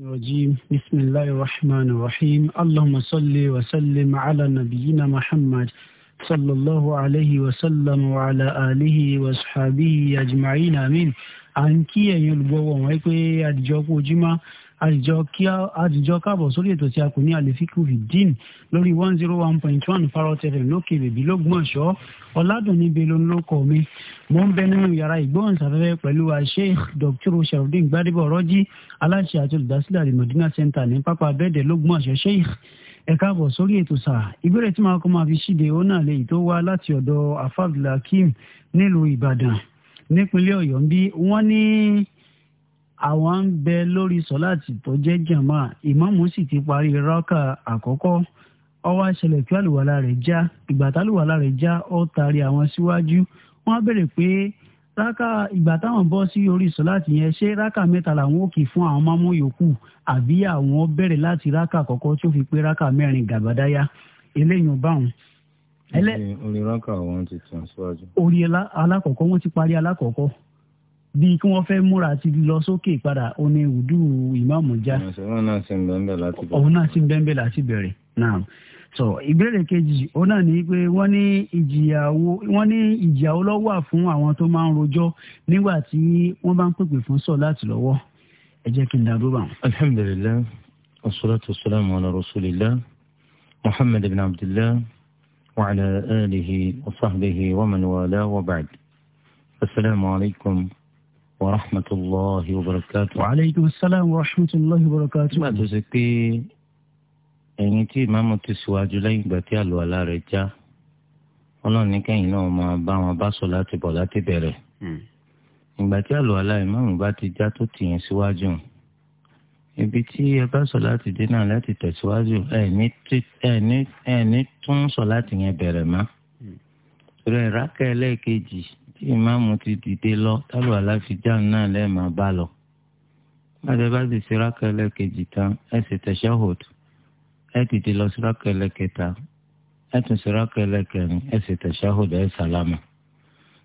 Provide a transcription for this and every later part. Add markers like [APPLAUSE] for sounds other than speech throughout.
الرجيم بسم الله الرحمن الرحيم اللهم صل وسلم على نبينا محمد صلى الله عليه وسلم وعلى آله وصحبه أجمعين آمين ان كي kí ẹ̀yin olùgbọ́ àjùjọ káàbọ̀ sórí ètò tí a kò ní àlefikù fìdín lórí one zero one point one Parrot FM lókè bèbí lọ́gbọ̀nsọ́ ọ̀làdùnní belo mi mo ń bẹ nínú yàrá ìgbóhùnsáfẹ́fẹ́ pẹ̀lú Sheikh Dr. sherudin gbadebo ọ̀rọ́jì aláṣẹ àti olùdásílẹ̀ àdìmọ̀dínà center ní pápá abẹ́ẹ̀dẹ̀ lọ́gbọ̀nsọ́ Sheikh ẹ káàbọ̀ sórí ètò sáà ìbéèrè tí màá kọ́ máa fi ṣíde ó náà lè tó wá láti ọ̀dọ̀ afabdulhakeem nílùú Ìbàdàn nípínlẹ̀ Ọ̀yọ́ bí wọ́n ní. Ni àwọn ń bẹ lórí sọ́láàtì tó jẹ́ jàmá ìmáàmù sì ti parí rákà àkọ́kọ́ ó wá ṣẹlẹ̀ kí àlùwàlá rẹ̀ já ìgbà tálùwàlá rẹ̀ já ó taari àwọn síwájú wọ́n á bèrè pé rákà ìgbà táwọn bọ́ sí orí sọ́láàtì yẹn ṣé rákà mẹ́ta làwọn ó kì fún àwọn mámú yòókù àbí àwọn bẹ̀rẹ̀ láti rákà àkọ́kọ́ tó fi pé rákà mẹ́rin gàbádáyà eléyìí báwọn orí rákà wọn ti tàn síwájú. orí alákọ̀ọ́kọ́ wọ́n ti parí alákọ̀ọ́kọ́ bíi kí wọ́n fẹ́ múra àti lọ sókè padà ó ní ìwúdú ìmáàmù já. òun náà ti ń bẹ́ńbẹ̀ láti bẹ̀rẹ̀. òun náà ti ń bẹ́ńbẹ̀ láti bẹ̀rẹ̀ náà sọ ìbéèrè kejì òun náà ní pé wọ́n ní ìjìyàwó wọ́n ní ìjìyàwó ló wà fún àwọn tó máa ń rojọ́ nígbà tí wọ́n bá ń pèpè fún sọ láti lọ́wọ́ ẹ jẹ́ kí n dá dúró àwọn. alhamdulillah wasalaatu wasalaamu ala rasulillah muhammad ibn abdillah wa ala alihi wa sahbihi wa man wala wa ba'd asalaamu alaykum. As ورحمة الله وبركاته وعليكم السلام ورحمة الله وبركاته ما تزكي ẹ̀yin tí ìmáàmù ti síwájú lẹ́yìn ìgbà tí àlùwàlá rẹ̀ já ọlọ́run ní kẹ́yìn náà máa bá wọn bá sọ láti bọ̀ láti bẹ̀rẹ̀ hmm. ìgbà tí àlùwàlá ìmáàmù bá ti já tó tìyẹn síwájú ibi tí ẹ bá sọ láti dé náà láti tẹ̀síwájú ẹ̀ẹ́ni tún sọ láti yẹn bẹ̀rẹ̀ mọ́ hmm. rẹ̀ rákẹ́ ẹlẹ́ẹ̀kejì tí ìmáàmù ti dìde lọ tálù aláfíjà náà lẹ́ẹ̀mà bá lọ. bàtẹ́ bá ti síráàkà ẹlẹ́kejì tán ẹ sì tashahhud ẹ dìde lọ síráàkà ẹlẹ́kẹta ẹ tún síráàkà ẹlẹ́kẹrin ẹ sì tashahhud ẹ sàlámà.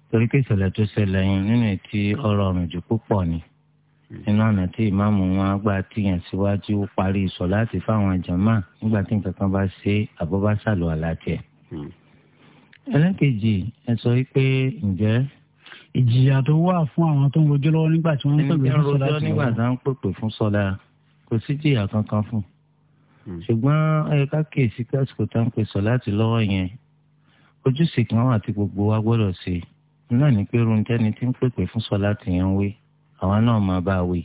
torí pé ìṣẹ̀lẹ̀ tó ṣẹlẹ̀ yẹn nínú ètí ọ̀rọ̀ ọ̀rùn jù púpọ̀ ni nínú ọ̀nà tí ìmáàmù wọn gbà tíyàn síwájú parí sọ̀láàtì fáwọn jàmáà nígbà tí nǹkan kan bá ṣe àbọ̀ bá ṣàlùwàlá tiẹ̀ ẹlẹ́kejì ẹ sọ pé ǹjẹ́ ìjìyà tó wà fún àwọn tó ń rojọ́ lọ́wọ́ nígbà tí wọ́n ń pèpè fún sọ́lá tí wọ́n ń pèpè fún sọ́lá kò sí jìyà kankan fún hmm. ṣùgbọ́n ẹ̀ka kèsì kásìkò tá ń pè sọ láti lọ́wọ́ yẹn ojúṣe kan wà tí gbogbo wa gbọ́dọ̀ ṣe náà ní pé runtẹ́ni tí ń pèpè fún sọ láti yẹn ń wé àwa náà máa bá a wé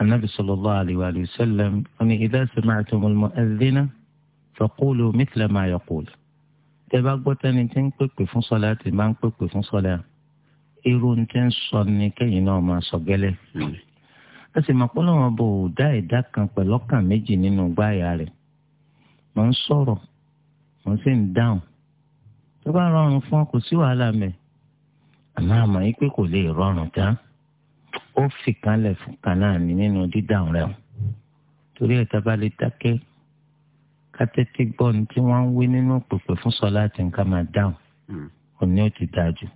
anabi sallallahu alayhi wa sallam tẹ bá gbọ́ tẹni tí ń pèpè fún sọlá tí máa ń pèpè fún sọlá irú ní tí ń sọ ni kẹ́yìn náà máa sọ gẹ́lẹ́ ẹ sì máa pọ́n lọ́wọ́ bò ó dá ìdá kan pẹ̀lú ọkàn méjì nínú gbáàyà rẹ̀ mò ń sọ̀rọ̀ mò ń sì ń dáhùn tó bá rọrùn fún ọ kò sí wàhálà mẹ́ àmọ́ àmọ́ yìí pé kò lè rọrùn tán ó fi kanlẹ̀ fún kan nínú dídáhùn rẹ̀ torí ẹ̀ tá bá lè dákẹ́ kátẹ́tí gbọ́ ní tí wọ́n ń wí nínú pèpè fún sọlá àti nǹkan máa dáhùn hmm. òní ò ti dáa jù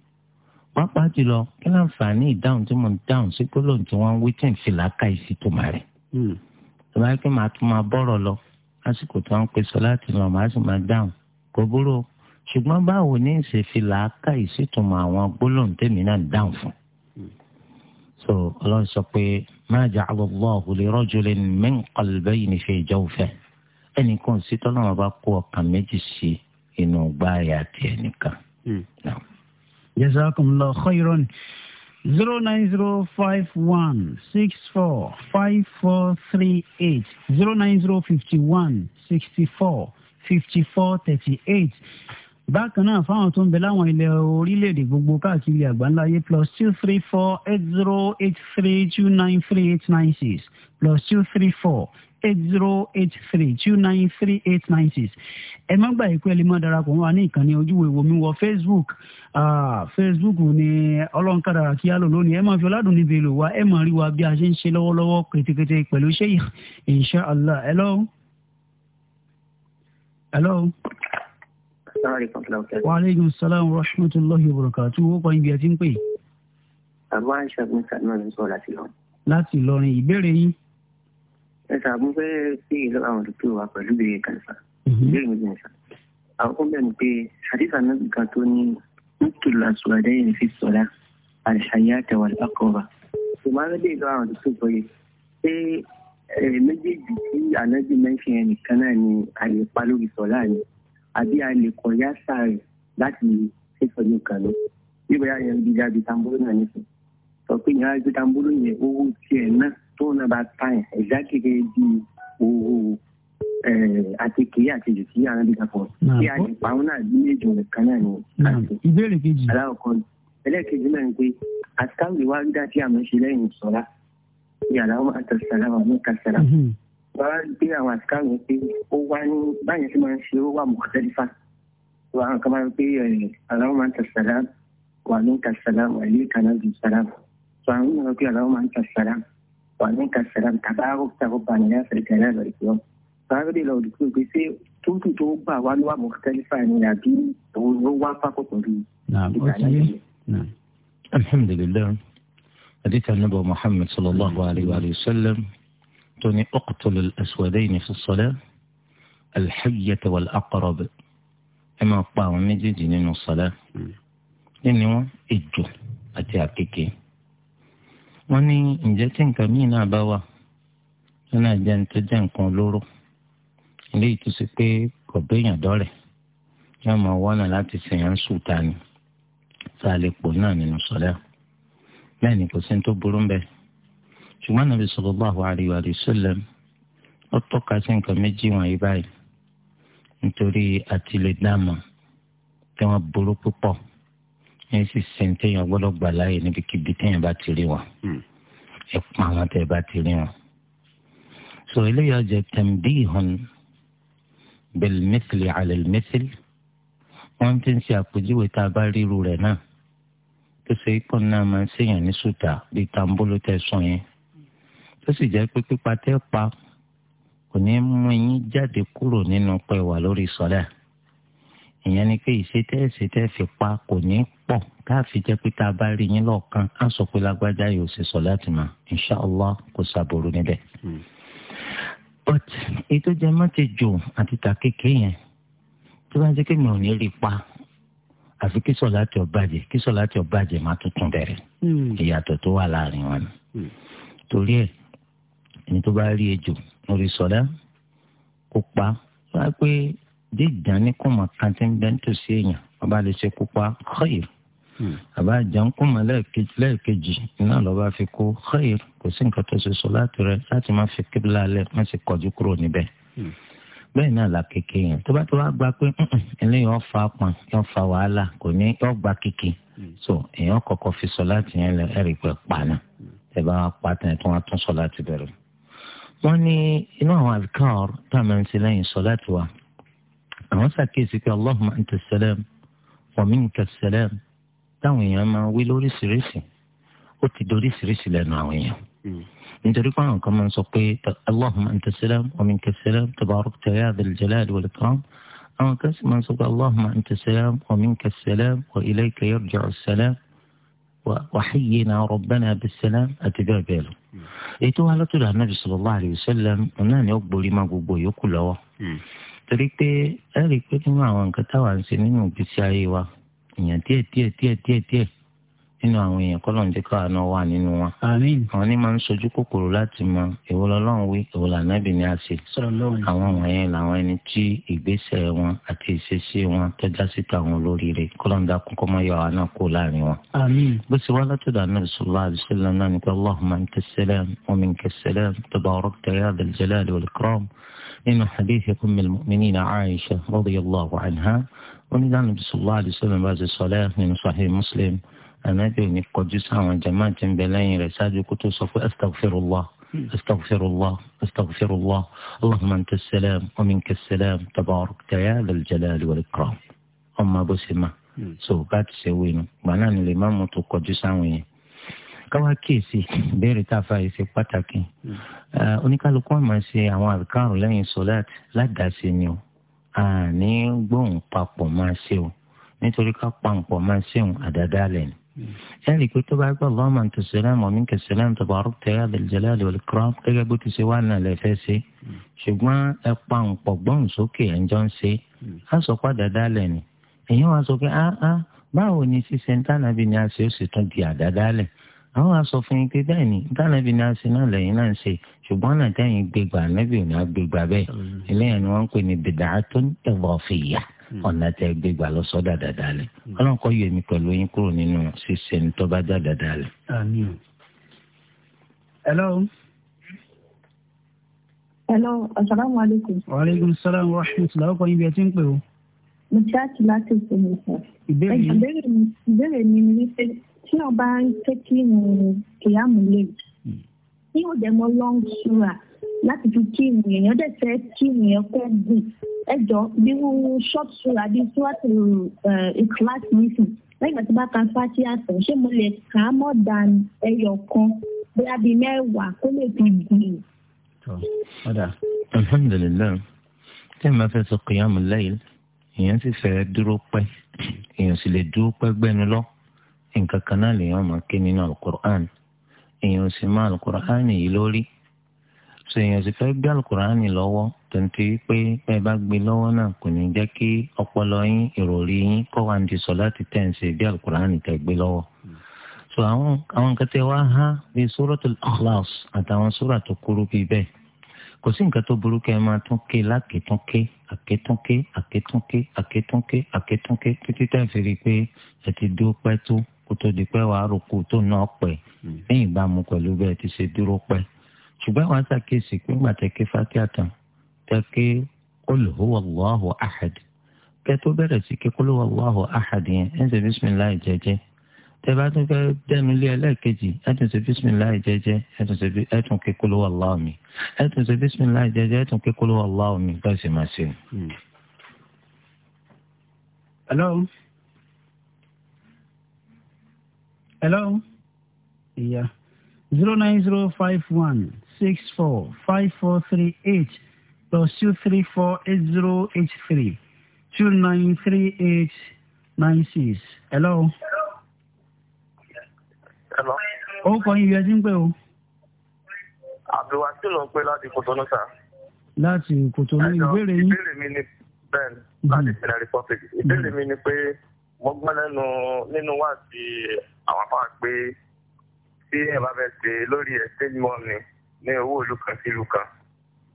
pápá jùlọ kí láǹfààní ìdáhùn tí mo ń dáhùn sí gbólóhùn tí wọ́n ń wí tí ń fi làákàyè sí tòmá rẹ̀ hmm. tó bá màá tún máa bọ́rọ̀ lọ lásìkò tí wọ́n ń pè sọlá àti lọ màá sì máa dáhùn kò búrò ṣùgbọ́n báwo ní ìṣe fi làákàyè sí tòmá àwọn gbólóhùn tèmi náà dáhùn fún hmm. so ọlọ́run sọ pé má ja'ala Allahu li rajulin ẹnìkan sí tọ́lọ́ wọn bá kó ọkàn méjì sí inú gbáàyà tiẹ̀ nìkan. Hmm. jazakumullahu khairan zero nine zero five one six four five four three eight zero nine zero fifty one sixty four fifty four thirty eight bákan náà fáwọn tó ń bẹ láwọn ilẹ̀ orílẹ̀-èdè gbogbo káàkiri àgbáńlá plus two three four eight zero eight three two nine three eight nine six plus two three four eight zero eight three two nine three eight nine six ẹ má gbà yìí pé ẹ lè máa darapọ̀ wọn wà ní ìkànnì ojúwe wo mi wọ facebook facebook ni ọlọ́nkàdàrà kí á lò lónìí ẹ máa fi ọ̀làdùn níbi èlò wa ẹ máa rí wa bí a ṣe ń ṣe lọ́wọ́lọ́wọ́ kétékété pẹ̀lú sheikh inshallah hello. hello. wa aleykum salaam wa rahmatulahi wa barakatuh owó kan ibi ẹ ti ń pè. àbúrò àìsàn mi sàmúlò ń sọ láti lọ. láti Ìlọrin ìbéèrè yín ẹ sà mo fẹ́ sí ìlú àwọn àdúgbò wa pẹ̀lú ìbéèrè kan sà ìbéèrè méjì ni sà àkókò bẹ́ẹ̀ ni pé àdìsá náà kan tó ní nítorí àṣùwádẹ́ yìí fi sọ̀rọ̀ àṣàyà àtẹ̀wà lákọ̀ọ́bà mo máa ń lé ìlú àwọn àdúgbò tó yẹ pé méjèèjì tí ànábì mẹ́fì yẹn nìkan náà ni àyè pa lórí sọ̀lá ni àbí a kọ̀ yá sáà láti ṣètò ní kan lọ bí bóyá yẹn gbígbá tóun náà bá tàn exactly bíi owó àtẹkè eh, àti jùtí arábíkà pọ̀ kí a lè pa àwọn náà bí méjì kan náà ní àti. ìbéèrè kejì. aláwọ̀kọ́ ẹlẹ́ẹ̀kejì náà ni pé àtikáwé wa ń dá sí àmọ́ ṣe lẹ́yìn sọ́lá yàrá wọn àtọ̀sára wà ní kàṣàrà mhm. wọ́n á gbé àwọn àtìká yẹn pé ó wá ní báyìí sí máa ń ṣe ó wà mọ̀kàtẹ́lifà wọ́n á kàn máa ń pé aláwọ̀ eh, máa ń tàṣàrà wà ní kàṣàrà wà ní kànáà jù sàrà wọ́n á ń gbé aláwọ̀ máa ń tàṣàrà وبعدين كان سلام tabago ta hubba ne na Afirka na Barkiyo. Family law da kuma sai tutu to hubba wani wa mukhtalifa ne na bi da wani wa fa ko tori. Na'am. Na'am. Alhamdulillah. حديث النبي محمد صلى الله عليه وآله وسلم تني أقتل الأسودين في الصلاة الحية والأقرب أما قام مجد الصلاة إنه إجو أتي أكيكي wọ́n ní ǹjẹ́ tí nǹkan míì náà bá wà wọ́n náà jẹ́ nítorí jẹ́ nǹkan olóró eléyìí tó ṣe pé kò béèyàn dọ́rẹ̀ yóò máa wọ́nà láti ṣèyàn sùúta ni tá a lè pò náà nínú sọ́lá bẹ́ẹ̀ ni kò sí ní tó burú bẹ́ẹ̀ ṣùgbọ́n Ànábì sallallahu alaihi wa sallam ó tọ́ka sí nǹkan méjì wọ̀nyí báyìí nítorí àti lè wọ́n burú púpọ̀ ẹ sì sin téèyàn gbọ́dọ̀ gbà láàyè níbikíbi téèyàn bá ti rí wọn hmm. ẹ pa àwọn tẹ́ ẹ bá ti rí wọn. sọ eléyìí ọjà tanbihun bilmithli ala almithl wọ́n ti ń ṣe àpèjúwe tá a bá ríru rẹ̀ náà tó ṣe ipò náà máa ń ṣèyàn ní sùtà bíi tambolo tẹ́ sọ yẹn tó sì jẹ́ pé pípa tẹ́ pa kò ní mú yín jáde kúrò nínú pẹ́ wà lórí sọ́lẹ̀ ìyẹn ni pé ìṣètẹ́ ìṣètẹ́ fi pa kò ní pọ̀ káàfin jẹ́ pé tá a bá rí yín lọ́ọ̀kan á sọ pé lágbájá yóò ṣe sọ láti mọ̀ inṣàlá kò sàbòrò níbẹ̀. Hmm. but ètò jẹ mọ́tẹ́ jò àti ta kékeré yẹn tó bá ń jẹ́ pé mi ò ní rí pa àfi kí sọ̀lá tí ó bàjẹ́ kí sọ̀lá tí ó bàjẹ́ má tuntun bẹ̀rẹ̀ hmm. ìyàtọ̀ tó wà láàrin wọn. Hmm. torí ẹ̀ ẹni tó bá rí ejò lórí sọ̀lá kó pa wá pé dídán ní kùmọ̀ kan tí ń bẹ́ nítòsí èèyàn ọba lè ṣe kópa khair hmm. àbá jàǹkùmọ̀ lẹ́ẹ̀kejì iná lọ́ba fi kó khair kò sí nǹkan tó ṣe sọ láti rẹ láti má fi kíbla alẹ́ má sì kọjú kúrò níbẹ̀ hmm. bẹ́ẹ̀ náà là kéke yẹn tó bá tó wá gba pé ẹni yóò fa pọn yóò fa wàhálà kò ní yóò gba kéke hmm. so èèyàn kọ́kọ́ fi sọ láti yẹn lẹ ẹ̀rí pẹ̀ pàánà ẹ bá wa pa tán ẹ tó wá tún sọ láti bẹ̀rẹ̀. wọ́n ní inú àwọn àdìkàn ọ̀rọ̀ tá a máa ń ṣe lẹ́yìn sọ láti wà مسا كيسك اللهم أنت السلام ومنك السلام تاوي ما ويلوري سريسي أتي دوري سريسي لنا ويا أنت ركوان كمان سقي اللهم أنت السلام ومنك السلام تبارك يا ذا الجلال والإكرام أنا كاس من سقي اللهم أنت السلام ومنك السلام وإليك يرجع السلام وحينا ربنا بالسلام أتبع بيلو إيتو هلا تلا النبي صلى الله عليه وسلم أنا يقبل ما قبل يقول torí pé ẹ rí i pé nínú àwọn nǹkan táwa ń ṣe nínú ìgbésí ayé wa èèyàn díẹ̀ díẹ̀ díẹ̀ díẹ̀ díẹ̀ nínú àwọn èèyàn kọ́ lóun jẹ́ ká àná wà nínú wọn. àwọn ní máa ń sojú kòkòrò láti mọ èwo lọ́lọ́run wí èwo lànàbì ni a ṣe. àwọn wọ̀nyẹn làwọn ẹni tí ìgbésẹ̀ wọn àti ìṣesí wọn tọ́já síta àwọn olóríire kọ́ lóun dá kókó mọ́ yọ àwọn náà kó láàrin wọn. bó ṣe wá látọ̀dọ̀ anábì sọlá àdìsílẹ̀ náà ni allahumma anta salam wa minka salam tabarakta wal ikram. من حديثكم من المؤمنين عائشة رضي الله عنها ومن ذلك النبي صلى الله عليه وسلم بعد الصلاة من صحيح مسلم أنا أدعو أني قدس عن جماعة بلين رسالة كتب صفو أستغفر الله أستغفر الله أستغفر الله اللهم أنت السلام ومنك السلام تبارك يا ذا الجلال والإكرام أما بسمة سوقات سوينو معناه الإمام متقدس عن káwá kíyèsí ìbéèrè tá a fa ìṣe pàtàkì hmm. eh, oníkálukú àmọ́ ṣe àwọn àbíkárò lẹ́yìn sọ́láàtì ládàáṣe ni o àní gbóhùn papọ̀ máa ṣe o nítorí ká pàǹpọ̀ máa ṣe òun àdáadáa lẹ̀ ni. Hmm. ẹ rí i pé tó bá gbọ́ lọ́mọ tó sẹ́lẹ̀mù ọ̀mí kẹsẹ̀lẹ̀mù tó bá rúbùtẹ́ àdèjẹ́lẹ́ àdèwọ̀lẹ́ kúrọ́m gẹ́gẹ́ bó ti ṣe wà náà lẹ́ fẹ́ ṣe. Hmm. ṣùgbọ́n ẹ pàǹpọ̀ gbọ́hùn sókè ẹ̀ ń jọ ń ṣe á sọ pé àdáadáa lẹ̀ ni. èyí wàá sọ pé báwo ni ṣíṣe ń tànàbí ni a ṣe ó sì tún di àdáadáa lẹ̀ àwọn aṣọ fún yín pé bẹ́ẹ̀ ni dánàbí ni a ṣe náà lẹ́yìn náà ń ṣe ṣùgbọ́n náà tẹ́yìn gbégbà nẹ́bí ò ní a gbégbà bẹ́ẹ̀ mm. eléyàn ni wọ́n ń pè ní bid'atun idafiyya mm. ọ̀nà tẹ́ gbégbà lọ sọ́dà dáadáa lẹ̀ mm. ọlọ́run kọ́ yọ èmi pẹ̀lú yín kúrò nínú ṣíṣe ní tó bá dáadáa lẹ̀. àmín. hello. asalaamualeykum. wa aleykum salaam wa rahmatulah tí wọn bá ń tẹ́tí mu kìyàmù lè hmm. ní òde mọ long sura láti fi kí ìmùyẹn yẹn dẹ̀ fẹ́ kí ìmùyẹn kọ́ gùn ẹjọ́ bí wọ́n short sura bí suwátì ìkíláàsì nìsín lẹ́yìn tí bá ka fásitì àtọ̀ ṣé mo lè kà á mọ̀ dàn ẹyọ kan bóyá bíi mẹ́wàá kó lè fi gbìn. ọ̀dà alhamdulilayi tí màá fẹ́ sọ kìyàmù lẹ́yìn èèyàn sì fẹ́ dúró pẹ́ èèyàn sì lè dúró pẹ́ gbẹ́nu lọ́wọ́ nǹkan kan náà lèèyàn máa ké nínú alukur'an èèyàn sì máa alukur'an yìí lórí so èèyàn sì fẹ́ gbé alukur'an lọ́wọ́ tẹ̀ǹtẹ̀ pé bẹ́ẹ̀ bá gbé lọ́wọ́ náà kò ní jẹ́ kí ọpọlọ yín ìròrí yín kọ́ wa ti sọ láti tẹ̀ǹsì bí alukur'an tẹ̀ gbé lọ́wọ́ so àwọn àwọn nǹkan tẹ wá há bí suratul ikhlas àtàwọn sóra tó kúrú bíi bẹ́ẹ̀ kò sí nǹkan tó burú kẹ́ máa tún ké lákètúnké àkètúnké àkètúnké àkètúnké àkètúnké títí táì fi rí i pé ẹ ti dúró tó kó tó di pé wàá rò kó tó náà pẹ́ hmm. ní ìbámu pẹ̀lú bẹ́ẹ̀ ti ṣe dúró pẹ́ ṣùgbọ́n wàá ṣàkíyèsí pé ńgbà tẹ́kẹ́ fatia tán tẹ́kẹ́ olùhùwàláhù ahad kẹ́ tó bẹ̀rẹ̀ sí kí olùhùwàláhù ahad yẹn ẹ̀ ń ṣe bísímìláì jẹ́jẹ́ tẹ́ bá tún dẹnu lé ẹlẹ́ẹ̀kejì ẹ̀ ṣe bísímìláì jẹ́jẹ́ ẹ̀ tún kí olùhùwàláhù mi ẹ̀ tún ṣe bísímìláì jẹ́jẹ́ ẹ̀ tún kí olùhùwàláhù ṣe máa ṣe. Hmm. hello ìyá zero nine zero five one six four five four three eight plus two three four eight zero eight three two nine three eight nine six hello. hello. ó kọ iye ẹtí ń pè o. abdulwasi ló ń pè láti Kotonu sá. láti Kotonu ìbéèrè yín. ìbéèrè mi ni bẹ́ẹ̀ láti Benin mhm. Republic ìbéèrè mi ni pé wọ́n gbọ́ lẹ́nu nínú wá sí àwọn apá pé tí ẹ bá fẹ́ ṣe lórí ẹ stage money ní owó ìlú kan sí ìlú kan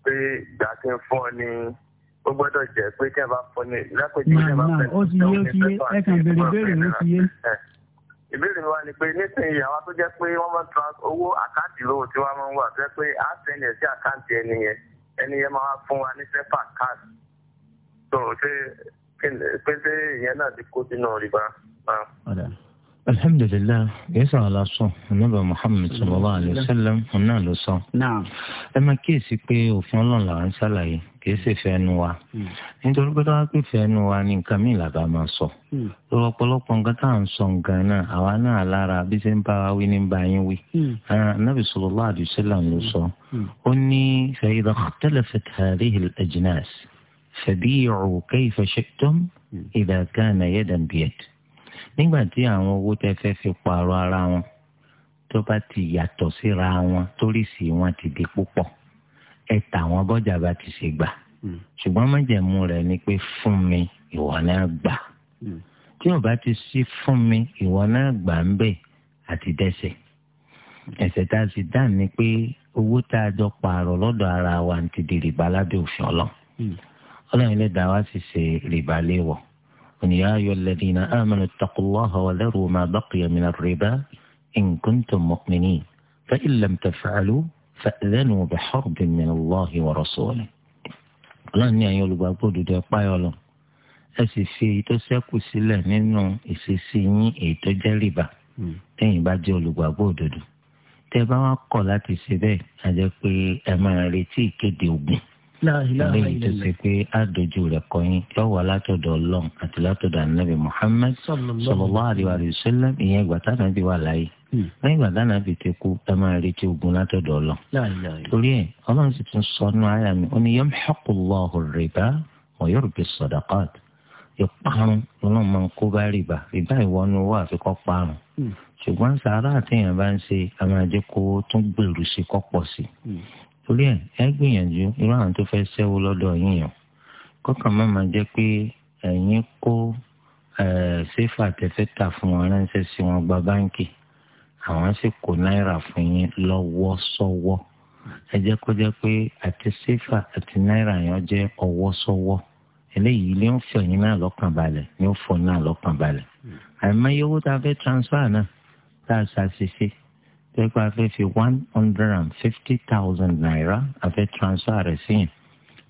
pé ìgbà tí ń fọ́ ni ó gbọ́dọ̀ jẹ́ pé tí ẹ bá fọ́ ni lápèjì tí ẹ bá fẹ́ ṣe ìṣẹ́ òní pẹ́tọ́ àti ìbéèrè náírà [LAUGHS] eh, ìbéèrè mi wá ni pé nísìnyí àwa tó jẹ́ pé wọ́n máa tra owó àkáǹtì lówó tí wọ́n máa ń wà tó jẹ́ pé á sẹ́ni ẹ̀ sí àkáǹtì ẹni yẹn ẹni yẹn máa fún wa ní sẹ́fà káàdì tó ṣe pété ìyẹn náà ti kó sínú rìbá. alhamdulilayi yéésù alasọ oníbà muhammed sallallahu alayhi wa sallam ọ̀nà ló sọ. ẹ máa kíyèsí pé òfin ọlọ́run là ń ṣàlàyé kìí ṣe fẹnu wa hmm. nítorí pé táwọn pè fẹnu wa ni nǹkan mi làbá máa sọ lọ́wọ́ hmm. ọ̀pọ̀lọpọ̀ nǹkan tá à ń sọ nǹkan náà àwa náà lára bí ṣe ń bá wa wí ní bá yín wí hmm. anábì ah, sallallahu alayhi ló sọ ó ní fa idha ikhtalafat hadhihi al ṣàbíyọ̀rù kayfa shi'tum hmm. idha kana yadan biyad. nígbà tí àwọn owó tẹ́ fẹ́ fi pààrọ̀ ara wọn tó bá ti yàtọ̀ síra wọn torísì wọn ti di púpọ̀ ẹ tà wọn bọ́jà bá ti ṣe gbà hmm. ṣùgbọ́n májẹ̀mú rẹ̀ ni pé fún mi ìwọ náà gbà hmm. tí ó bá ti sí fún mi ìwọ náà gbà ń bẹ̀ àti dẹ́sẹ̀ ẹ̀sẹ̀ tá a sì dá ni pé owó tá a jọ pààrọ̀ lọ́dọ̀ ara wa ti di rìbá lábẹ́ òfin ọlọ́run ọlọ́run ẹlẹ́dàá wá sì ṣe rìbá léwọ̀ ònìyá ayọ̀ lẹ́dínà amanu taqullaha wa dharu ma baqiya min ar-riba in kuntum mu'minin fa in lam taf'alu fa'dhanu biharbin min Allahi wa rasulihi. ọlọ́run ní ẹ̀yin olùgbàgbọ́ òdodo ẹ̀pá yọ lọ ẹ sì fi èyí tó ṣẹ́kù sílẹ̀ nínú ìṣesí yín lẹ́yìn tó ṣe pé àdójú rẹ̀ kọyìn lọ́wọ́ látọ̀dọ̀ ọlọ́run àti látọ̀dọ̀ anabi muhammed sallallahu alaihi wa sallam ìyẹn ìgbà táwọn ibi wà láàyè hmm. lẹ́yìn ìgbà táwọn ibi ti kú tá máa retí ogun látọ̀dọ̀ ọlọ́run. torí ẹ̀ ọlọ́run sì tún sọ ọ́nù àyà mi ó ní yamhaqu Allahu rìbá wa yurbi sadaqat ìparun lọ́nà máa ń kó bá rìbá rìbá ìwọ́nú wà fi kọ́ parun hmm. ṣùgbọ́n sàárà àtẹ̀yìn bá ń ṣe àmàjẹ́kọ́ tún gbèrú sí kọ́ sí hmm torí ẹ ẹ gbìyànjú irú àwọn tó fẹ́ ṣẹ́wó lọ́dọ̀ yín yàn kọ́kàn má máa jẹ́ pé ẹ̀yin kó ṣéfà tẹ́fẹ́ tà fún wọn ránṣẹ́ sí wọn gba báǹkì àwọn sì kó náírà fún yín lọ́wọ́ sọ́wọ́ ẹ jẹ́ kó jẹ́ pé àti ṣéfà àti náírà yẹn jẹ́ ọwọ́ sọ́wọ́ eléyìí ló ń fọ ẹ̀yin náà lọ́kàn balẹ̀ ni ó fọ náà lọ́kàn balẹ̀ hmm. àìmọye owó tá a fẹ́ transfer náà tá a ṣàṣìṣe pẹ́pẹ́ afẹ́ fi one hundred and fifty thousand naira afẹ́ transfer rẹ̀ sí yẹn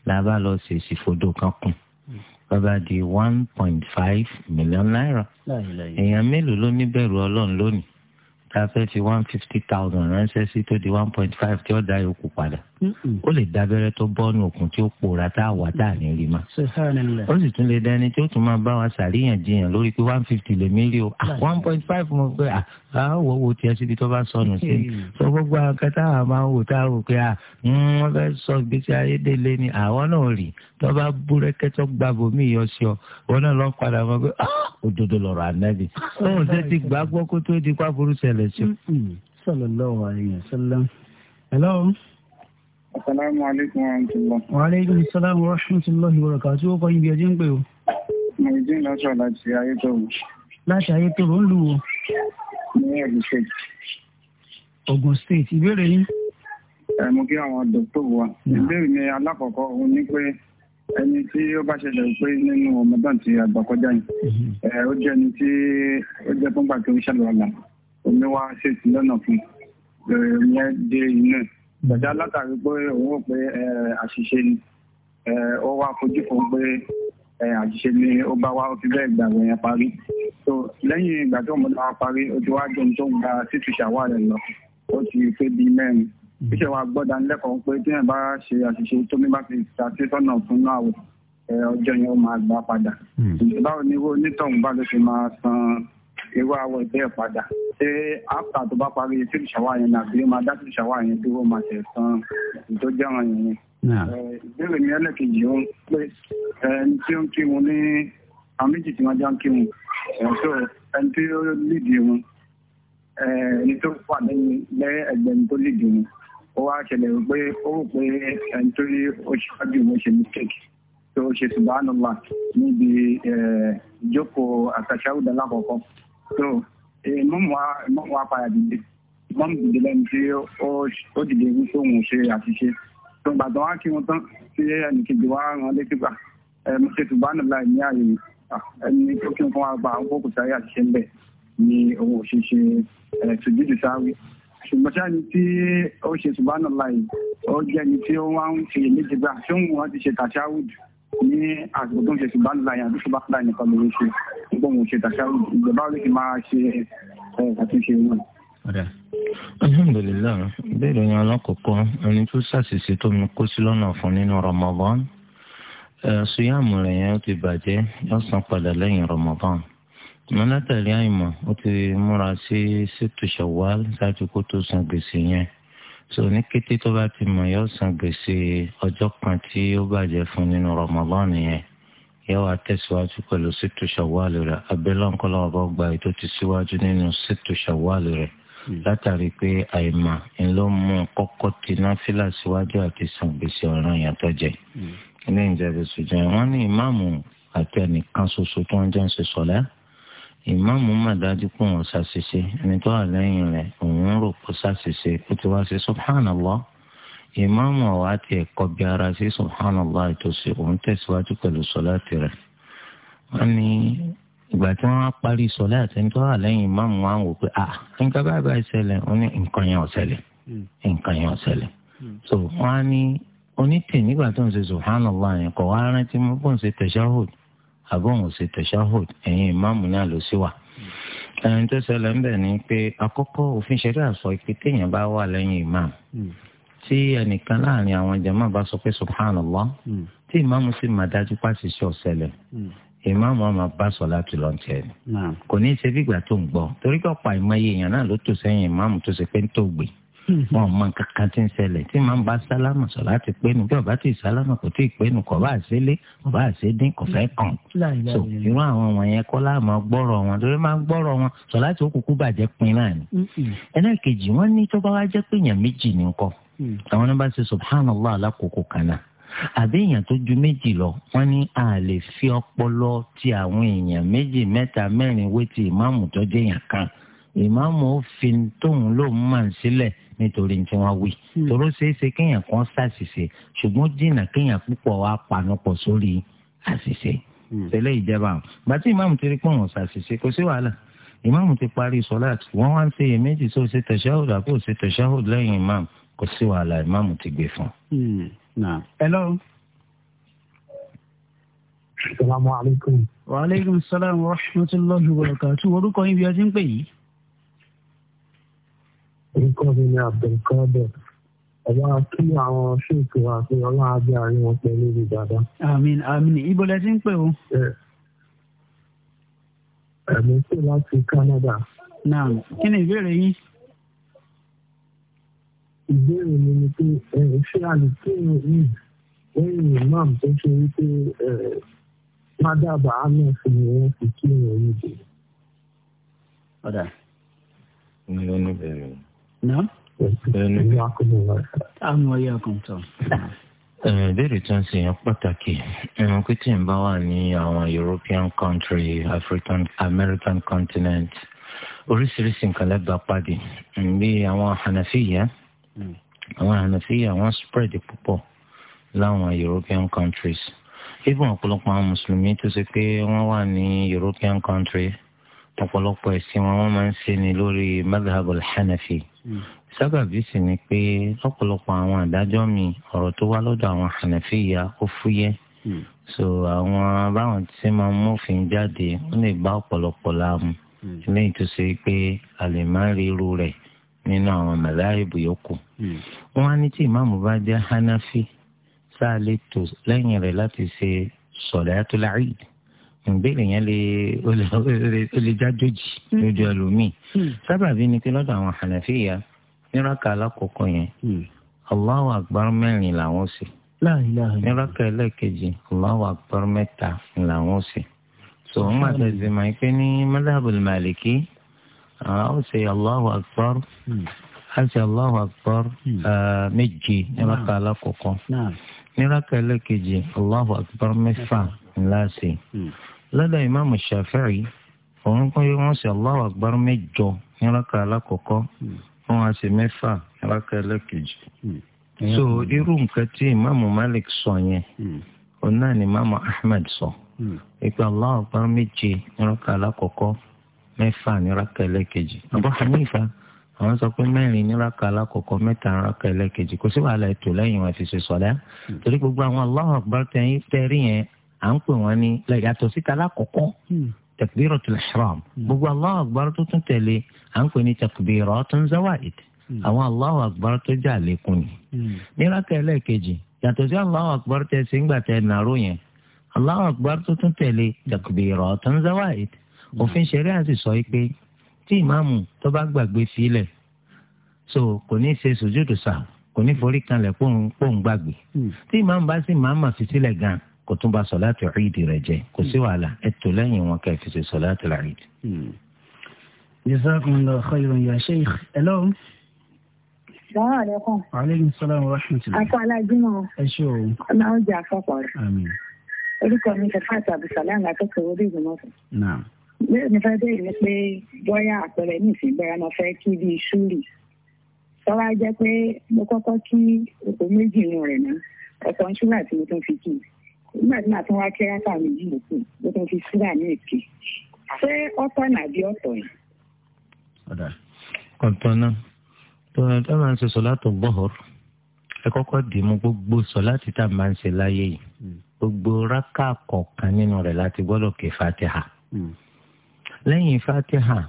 lábàá lọ sí ìsìfodò kan kùn bàbá di one point five million naira èèyàn mélòó ló ní bẹ̀rù ọlọ́run lónìí tá a fẹ́ fi one fifty thousand ránṣẹ́ sí tó di one point five tí ó dá yòókù padà ó lè dábẹ́rẹ́ tó bọ́ọ̀nù òkun tí ó pòórá tá a wà tá a ní rí ma. ó sì tún lè dání tí ó tún máa bá wa ṣàríyànjiyàn lórí pé one fifty lè mí rí o ah, one point five mo pé àwọ̀ ah, wo tiẹ̀ síbi tó bá sọnù sí i tó gbogbo àwọn kan tá a máa wò tá a rò pé ah, hmm, wọ́n fẹ́ sọ ìgbésí ayédèlé ni àwọn náà rí tó bá búrẹ́kẹ́ tó gbà bòmí yọ sí ọ wọn náà lọ padà mọ pé òdodo lọ̀rọ̀ ànábì òun ṣe ti gbàgbọ́ kó tó di pápúrú ṣẹlẹ̀ sí. sọlọ lọ́wọ́ àyẹ̀sọ́lá. hello. Asalaamu aleykum wa rahmatulah. Wa aleykum salaam wa rahmatulah ìwọ̀rọ̀kà tí ó kọ́ ibi ẹjẹ́ ń pè o. Màìjín lọ́sọ̀ láti Ayétòrò. Láti Ayétòrò ń lù wọ. Ní Ogun State. Ogun State, ìbéèrè yín. Ẹ mú kí àwọn dòkítò wa. Ìbéèrè mi alákọ̀ọ́kọ́ òun ni pé ẹni tí ó bá ṣẹlẹ̀ pé nínú ọmọdán ti àgbà kọjá yìí. Mm-hmm. Ẹ ó jẹ́ ẹni tí ó jẹ́ fúngbà tó ń ṣàlùwàlà. Omi wa ṣètì lọ́nà fún. Ìyẹn dé inú ẹ̀ bàjá látàrí pé òun pé àṣìṣe ni ó wá fojú fún pé àṣìṣe ni ó bá wá ó fi bẹ́ẹ̀ gbàgbé yẹn parí so lẹ́yìn ìgbà tó mọ̀ náà parí ó ti wá jẹun tó gba títí ṣàwárẹ̀ lọ ó ti pé bíi mẹ́rin iṣẹ́ mm. wa gbọ́dọ̀ nílẹ́kọ̀ọ́ pé tí yẹn bá ṣe àṣìṣe tó mi bá fi ta sí sọ́nà fún náà wò ọjọ́ yẹn ó máa gbà padà ìjọba mm. onírú onítọ̀hún bá ló ṣe máa san irú àwọ̀ ìbẹ́ẹ̀ padà ṣé áfà tó bá parí fíìlì ṣàwá yẹn ni àbí máa dá fíìlì ṣàwá yẹn dúró máa tẹ̀ san tó jẹ́ràn yẹn. ìbéèrè mi ẹlẹ́kejì ó ń pè ẹni tí ó ń kírun ní àwọn méjì tí wọ́n já ń kírun ẹ̀ṣọ́ ẹni tí ó lídìí wọn ẹni tó wà lẹ́yìn ẹgbẹ́ni tó lídìí wọn ó wá ṣẹlẹ̀ pé ó rò pé ẹni tó rí oṣáájú wọn ṣe mistake tó ṣe subhanallah níbi ìjókòó àtàṣáwùdà ìmọ̀mù eh, wa ìmọ̀mù wa padà dìde ìmọ̀mù dìde lẹ́nu tí ó dìde wípé òun ṣe àṣìṣe tó gbàgbọ́ wá kí wọ́n tán sí ẹnìkejì wa rán létí gbà mo ṣe tùbá nàbìlà ní ààyè ẹni tó kí n fún wa gba àwọn kókò sáré àṣìṣe ń bẹ̀ ni òun ò ṣe ṣe tùjúdù sáré ṣùgbọ́n sáà ni tí ó ṣe tùbá nàbìlà yìí ó jẹ́ ni tí ó wá ń ṣe méjì gbà ṣé òun wọn ti ṣe tàṣáwùdù ní àsìkò tó ń ṣe ṣùgbọ́n nígbà yẹn àdúgbò bá nìkan ló ń ṣe nígbà wọn ò ṣe tàṣà ìjọba ló ti máa ṣe àtúnṣe wọn. alhamdulilayi ìbéèrè yẹn alákọ̀ọ́kọ́ ẹni tó ṣàṣìṣe tó mi kó sí lọ́nà fún nínú Ramadan ṣùyàmù rẹ̀ yẹn ó ti bàjẹ́ yóò san padà lẹ́yìn Ramadan wọn látàrí àìmọ̀ ó ti múra sí sètò Ṣawwal ṣáájú kó tó san gbèsè yẹn so ní kété tó bá ti mọ̀ yóò san gbèsè ọjọ́ kan tí ó bàjẹ́ fún nínú Ramadan yẹn yóò wá tẹ̀síwájú pẹ̀lú sítú ṣàwálì rẹ̀ abẹ́lọ́nkọ́lá ọba gba ètò ti síwájú nínú sítú ṣàwálì rẹ̀ hmm. látàrí pé àìmọ̀ ńlọ mú kọ́kọ́ ti náfìlà síwájú àti san gbèsè ọ̀ràn yàtọ̀ jẹ. Hmm. ilé ìjẹ́bù sùjọ́ wọn ní ìmáàmù àti ẹnìkan ṣoṣo tó ń jẹ́ ń ṣe sọ̀lẹ́ ìmáàmù mà dájú pé òun ṣàṣìṣe ẹni tó wà lẹ́yìn rẹ̀ òun rò pé ṣàṣìṣe ó ti wá sí subhanallah ìmáàmù ọ̀wá tiẹ̀ kọbi ara sí subhanallah ìtòsí òun tẹ̀síwájú pẹ̀lú sọ́láàtì rẹ̀ wọ́n ní ìgbà tí wọ́n parí sọ́láàtì ẹni tó wà lẹ́yìn ìmáàmù wa wò pé ah nǹkan bá bá ṣẹlẹ̀ ó ní nǹkan yẹn ò hmm. nǹkan yẹn ò hmm. so wọ́n á ní onítẹ̀ nígbà tó ń ṣe subhanallah yẹn kọ̀ àbọ̀hùn ṣe tẹ̀síáhùd ẹ̀yìn ìmáàmù náà ló sì wà. ẹni tó ṣẹlẹ̀ ń bẹ̀ ni pé àkọ́kọ́ òfin ṣẹlẹ̀ àsọ pé téèyàn bá wà lẹ́yìn ìmáàmù hmm. tí ẹnìkan láàrin àwọn jàmáà bá sọ pé subhanallah hmm. tí ìmáàmù sì máa dájú pàṣẹ ọ̀sẹ̀lẹ̀ ìmáàmù ọmọ bá sọ láti lọ tiẹ̀ ni kò ní í ṣe bí ìgbà tó ń gbọ́ torí pé ọ̀pọ̀ àìmọye èèyàn náà ló tò sẹ́yìn ìmáàmù tó ṣe pé ń tó gbé wọn mọ kankan tí ń ṣẹlẹ̀ tí màá bá sálámù sọ láti pé nu bí ọba tí ì sálámù kò tí ì pé nu kò bá àṣẹlé kò bá àṣẹdín kò fẹ́ kàn so irú àwọn wọn yẹn kọ́ láàmú gbọ́rọ̀ wọn torí máa ń gbọ́rọ̀ wọn sọ láti òkùnkùn bàjẹ́ pin náà ni ẹlẹ́ẹ̀kejì wọ́n ní tó bá wá jẹ́ pé èèyàn méjì ní kọ́ mm. àwọn náà bá ṣe subhanallah alákòókò kan náà àbí èèyàn tó ju méjì lọ wọ́n ní a lè fi ọpọlọ ti àwọn èèyàn méjì mẹ́ta mẹ́rin wé ti ìmáàmù tó jẹ́ èèyàn kan ìmáàmù ó tóun lóun máa ń sílẹ̀ nítorí tí wọ́n wí. Hmm. tòró ṣeéṣe kéèyàn kan ṣàṣìṣe ṣùgbọ́n jìnnà kéèyàn púpọ̀ wá panupọ̀ sórí àṣìṣe. tẹ́lẹ̀ hmm. ìjẹba àwọn bàtí ìmáàmù ti rí pọ̀ wọ́n ṣàṣìṣe kò sí wàhálà ìmáàmù ti parí sọ́láàtì wọ́n wá ń ṣe èméjì tó ṣe tẹ̀ṣáhùd àbí ò ṣe tẹ̀ṣáhùd lẹ́yìn ìmáàmù kò sí wàhálà ìmáàmù ti gbé fún. Hmm. hello. salaamaleykum. wa aleykum salaam wa rahmatulahi wa barakatuh orúkọ yín bí a ti ń pè yìí orúkọ mi ni abdulkader ọba kí àwọn ṣèkò àti ọlọ́run ajé àárín wọn pẹ̀lú ìlú dada. àmín àmín ibo lẹ ti ń pè o. ẹ̀mí pè láti Canada. náà kí ni ìbéèrè yín. ìbéèrè mi ni pé ṣé alùpùpù yìí lẹ́yìn imam tó ṣe wípé mádàbà anas ni wọ́n fi kí ìrìn yìí dé. ọ̀dà. mi ò ní bẹ̀rẹ̀ o. Nà. Àwọn ọ̀yà kan tọ̀. Ìbéèrè tó ń ṣe yẹn pàtàkì. Ẹ̀rọ pété ń bá wà ní àwọn European country, African, American continent. Oríṣiríṣi nǹkan lẹ́bàá pàdé. Bí àwọn Hanafiya, hmm. àwọn Hanafiya wọ́n spread púpọ̀ láwọn European countries. Even ọ̀pọ̀lọpọ̀ àwọn Mùsùlùmí tó ṣe pé wọ́n wà ní European country, ọ̀pọ̀lọpọ̀ ẹ̀sìn wọn wọ́n máa ń ṣe ni lórí madhab al-Hanafi sábàbí sì ni pé lọ́pọ̀lọpọ̀ àwọn àdájọ́ mi ọ̀rọ̀ tó wá lọ́dọ̀ àwọn hànàfíyà ó fúyẹ́ hmm. so àwọn báwọn tí máa ń mófin jáde ó lè bá ọ̀pọ̀lọpọ̀ láàmú hmm. lẹ́yìn tó ṣe pé a lè má rí irú rẹ̀ nínú àwọn màláìbù yòókù. Hmm. wọ́n á ní tí ìmáàmù bá jẹ́ hanafi sáà lè tò lẹ́yìn rẹ̀ láti ṣe sọ̀lẹ́ àtúlẹ̀ ìbéèrè yẹn lè ó lè jájòjì mm. lójú ẹlòmíì mm. sábàbí ni pé lọ́dọ̀ àwọn hànàfíyà níraka alákọ̀ọ́kọ́ yẹn mm. Allahu akbar mẹ́rin làwọn ṣe níraka ẹlẹ́ẹ̀kejì Allahu akbar mẹ́ta làwọn ṣe tó ń máa tẹ̀sí máa pé ní madhabul maliki àwọn ṣe Allahu akbar àti Allahu akbar méje níraka ah. alákọ̀ọ́kọ́ níraka ẹlẹ́ẹ̀kejì Allahu akbar mẹ́fà ńlá ṣe lọ́dọ̀ ìmáàmù Ṣàfi'í òun pé wọ́n ṣe Allahu Akbar mẹ́jọ ní rákà alákọ̀ọ́kọ́ wọ́n á ṣe mẹ́fà ní rákà ẹlẹ́kejì. Hmm. so irú nǹkan tí ìmáàmù Malik sọ yẹn hmm. òun náà ni ìmáàmù Ahmed sọ ìpè hmm. Allahu Akbar méje ní rákà alákọ̀ọ́kọ́ mẹ́fà ní rákà ẹlẹ́kejì. Abu Hanifa àwọn sọ pé mẹ́rin ní rákà alákọ̀ọ́kọ́ mẹ́ta rákà ẹlẹ́kejì kò sí wàhálà ètò lẹ́yìn wọn fi ṣe sọ̀lá torí gbogbo à ń pè wọ́n ní yàtọ̀ síta lákọ̀ọ́kọ́ hmm. takbiratul ihram hmm. gbogbo Allahu akbar tó tún tẹ̀lé à ń pè ní takbiratun zawaid hmm. àwọn Allahu akbar tó jẹ́ àlékún ni. níraka ẹlẹ́ẹ̀kejì yàtọ̀ sí Allahu akbar tẹ̀ sí ńgbà tẹ̀ nàró yẹn Allahu akbar tó tún tẹ̀lé takbiratun zawaid òfin ṣẹ̀ríà sì sọ pé tí ìmáàmù tó bá gbàgbé sílẹ̀ so kò ní ṣe sùjúdù sà kò ní forí kanlẹ̀ pòun tí ìmáàmù bá sì máa mà fi sílẹ̀ gan-an kò tún ba sọ̀láàtì ìdì rẹ̀ jẹ́ kò sí hmm. wàhálà ẹ tó lẹ́yìn wọn ká ẹ fi ṣe sọ̀láàtì ìdì. Hmm. jazakumullahu khairan ya sheikh hello. Assalamu alaikum. Wa alaikum assalam wa rahmatullah. Akọ alájúmọ̀. Ẹ ṣé o. Ọ̀nà ọjà àfọ̀pọ̀ rẹ̀. Àmín. Orúkọ mi ṣe fàtà Abdulsalam akẹ́kọ̀ọ́ orí ìgbìmọ̀tò. Náà. Bẹ́ẹ̀ ni fẹ́ bẹ́ẹ̀ ni pé bóyá àpẹẹrẹ ní ìsìnbẹ̀rẹ̀ mo fẹ́ kí jẹ́ pé mo kọ́kọ́ kí oko méjì inú rẹ̀ náà. Ọ̀pọ̀ ń tí mo tún fi kì í. nígbà tí màá tún wá kí rákà méjì lókù ló tún fi ní èké ṣé ọtọ nàbí ọtọ yìí. ọ̀dà náà tó máa ń gbogbo tá a máa ń ṣe láyé yìí hmm. gbogbo nínú rẹ̀ láti gbọ́dọ̀ fatiha hmm. lẹ́yìn fatiha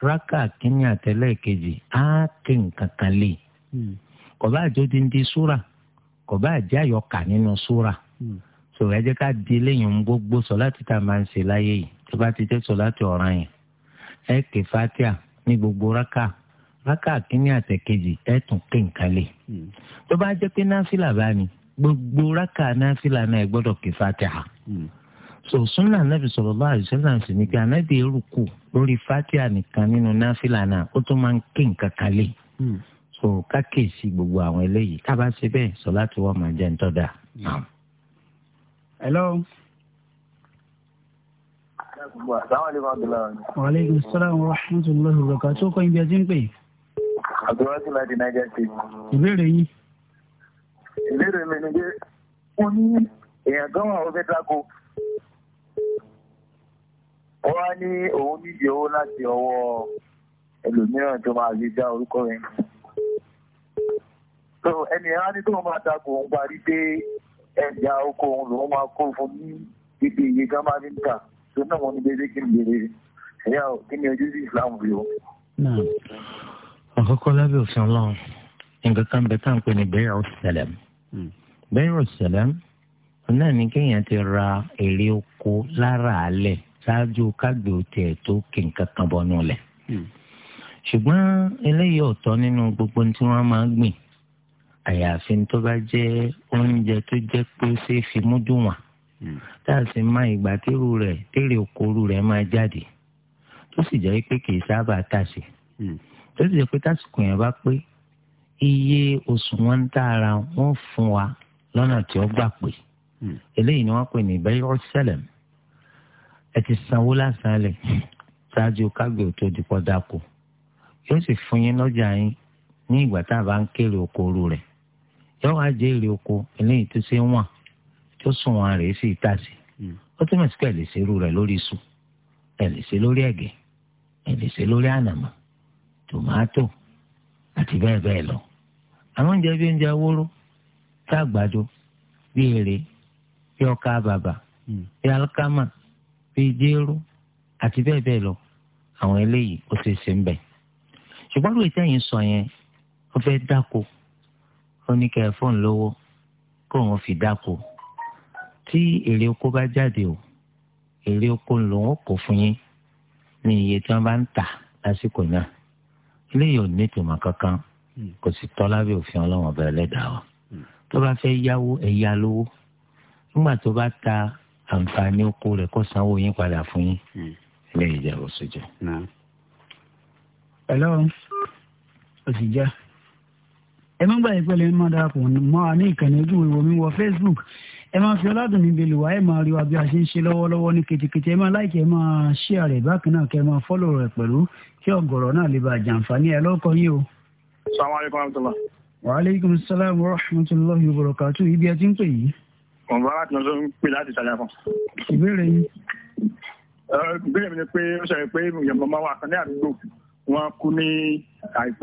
rákà kínní á nǹkan kan hmm. bá àjọ bá nínú so ẹ jẹ́ ká di eléyìí ń gbogbo sọ̀láàtì tá a máa ń ṣe láyé yìí tó bá ti jẹ́ sọ̀láàtì ọ̀ràn yẹn ẹ ké fatia ní gbogbo rákà rákà kínní àtẹ̀kejì ẹ tún ké nǹkan lè tó bá jẹ́ pé náfìlà bá ní gbogbo rákà náfìlà náà ẹ gbọ́dọ̀ ké fatia so sunna anabi sallallahu alaihi wasallam sì ní kí anabi rúkù lórí fatia nìkan nínú náfìlà náà ó tún máa ń ké nǹkan kan lè so ká kéèsì gbogbo àwọn eléyìí tá a bá ṣe bẹ́ẹ̀ wa máa da hello. Wàlẹ́kùn sọ́làmù rahmatullahi lọ́kà tó kọ́ ibi ẹtí ń pè. Àbúrọ́sí láti Niger State. Ìbéèrè yìí. Ìbéèrè mi ni pé wọ́n ní èèyàn kan wà ó fẹ́ dáko. Ó wá ní òun nídìí owó láti ọwọ́ ẹlòmíràn tó máa lè dá orúkọ rẹ̀. So ẹnìyàn á ní tó máa dáko òun parí dé ẹja oko òun lòun máa kó fún ní ibi iye ká máa fi ń tó náà wọn ní bẹ́ẹ̀ kí n bèrè ẹ̀yà ò kí ni ojú sí Islam rí o. àkọ́kọ́ lábẹ́ òfin ọlọ́run nǹkan kan bẹ tá à ń pè ní bẹ́ẹ̀rẹ̀ ọ̀sẹ̀lẹ̀m bẹ́ẹ̀rẹ̀ ọ̀sẹ̀lẹ̀m náà ni kéèyàn ti ra èrè oko lára àlẹ̀ ṣáájú kágbè òtí ẹ̀ tó kí nǹkan kan bọ́nú lẹ̀ hmm. ṣùgbọ́n eléyìí ọ̀tọ̀ nínú gbogbo tí wọ́n máa ń gbìn àyàfi tó bá jẹ́ oúnjẹ tó jẹ́ pé ó ṣeé fi mú dùn wọ́n hmm. tá a sì máa ìgbà tẹ́rù rẹ̀ tẹ́rẹ̀ òkòrú rẹ̀ máa jáde tó sì jẹ́ pé kì í sábà tàṣe hmm. tó sì jẹ́ pé tásìkò yẹn bá pé iye òṣùwọ̀n tá a ra wọ́n fún wa lọ́nà tí ó gbà pé hmm. eléyìí ni wọ́n pè ní bẹ́ẹ̀ ọ̀sẹ̀lẹ̀ ẹ ti sanwó lásán ṣáájú kágbèó tó di pọ́ dáko yóò sì fún yín lọ́jà yín ní ìgbà tá a bá ń kéré òkòrú rẹ̀ yọ̀wọ́ ajé èrè oko eléyìí tó ṣe wọ̀n tó sùn wọn rèé sí ìta sí hmm. ó tún mọ̀ sí pé ẹ̀ lè ṣe irú rẹ̀ lórí iṣu ẹ̀ lè ṣe lórí ẹ̀gẹ́ ẹ̀ lè ṣe lórí ànàmọ́ tòmátò àti bẹ́ẹ̀ bẹ́ẹ̀ lọ. àwọn oúnjẹ bíi oúnjẹ wóró tá àgbàdo bíi èrè bíi ọkà bàbà hmm. bíi alikama bíi jéró àti bẹ́ẹ̀ bẹ́ẹ̀ lọ àwọn eléyìí ó ṣe é ṣe ń bẹ̀. ṣùgbọ́n lóòótọ́ yìí sọ yẹn ó fẹ́ dáko ó ní kẹ́ ẹ fóun lówó kó òun fi dáko tí èrè oko bá jáde o èrè oko lòun ó kó fún yín ní iye tí wọ́n bá ń tà lásìkò náà eléyìí ò ní ìtumọ̀ kankan hmm. kò sì tọ́ lábẹ́ òfin ọlọ́wọ́n ọba ẹlẹ́dàá wa hmm. tó bá fẹ́ yáwó ẹ̀yà lówó nígbà tó bá ta àǹfààní oko rẹ̀ kó sanwó yín padà fún yín hmm. eléyìí jẹ́ òṣèjẹ́. ẹ lọ́wọ́ òṣìjẹ́ ẹ má gbàgbé pẹ̀lẹ́ ẹ má darapọ̀ mọ́ a ní ìkànnì ojú ìwò mi wọ facebook ẹ máa fi ọládùn níbi ìlúwa ẹ máa rí wa bí a ṣe ń ṣe lọ́wọ́lọ́wọ́ ní kìtìkìtì ẹ máa láìkí ẹ máa share rẹ̀ bákan náà kẹ́ ẹ máa follow rẹ̀ pẹ̀lú kí ọ̀gọ̀rọ̀ náà lè bá a jàǹfààní ẹ lọ́kọ yín o. assalamu alaikum warahmatullah. wa alaikum assalam wa rahmatullahi wa barakatuh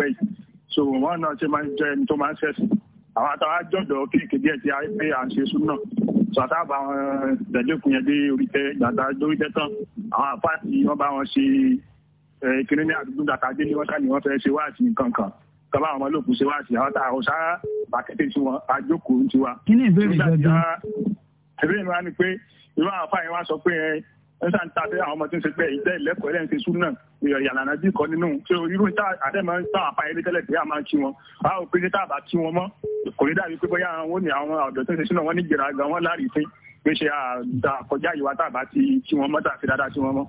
ibi so wọn náà ṣe máa ń jẹ ẹni tó máa ń ṣẹ̀sìn àwọn àtàwọn àjọ̀dọ̀ kéèké díẹ̀ tí a rí pé à ń ṣe súnà sọ̀tà bá wọn tẹ̀lékùn yẹn dé orí gbàgbà lórí tán àwọn àpáàtì wọn bá wọn ṣe kiri ní àdúgbò gbàgbà dé ní wọn sá ni wọn fẹ́ ṣe wáàtì nǹkan kan kọ́ba àwọn ọmọlòkùn ṣe wáàtì àwọn táwọn ọ̀sá pàkẹ́tẹ̀ tí wọn àjókòó tiwa. kí ni ìbéèrè gbàgbà? ìbéèrè wa ni pé irú àwọn àfáà yẹn sọ pé ń sàn ta fẹ́ àwọn ọmọ tí ń ṣe pé ìjẹ́ ìlẹ́kọ̀ọ́ ẹ̀rẹ́ ń ṣe súnà ìyàlànà bí kọ́ nínú ṣé irú tá àdẹ́ máa ń tá àpá eré tẹ́lẹ̀ tí a máa ń kí wọn a ò pé ní tá àbá kí wọn mọ́ kò ní dàbí pé bóyá wọn ní àwọn ọ̀dọ́ tó ń ṣe súnà wọn ní gbèrà gan wọn láàrín fín pé ṣe àkọjá ìwà tá àbá ti kí wọn mọ́ tá àfi dáadáa kí wọn mọ́.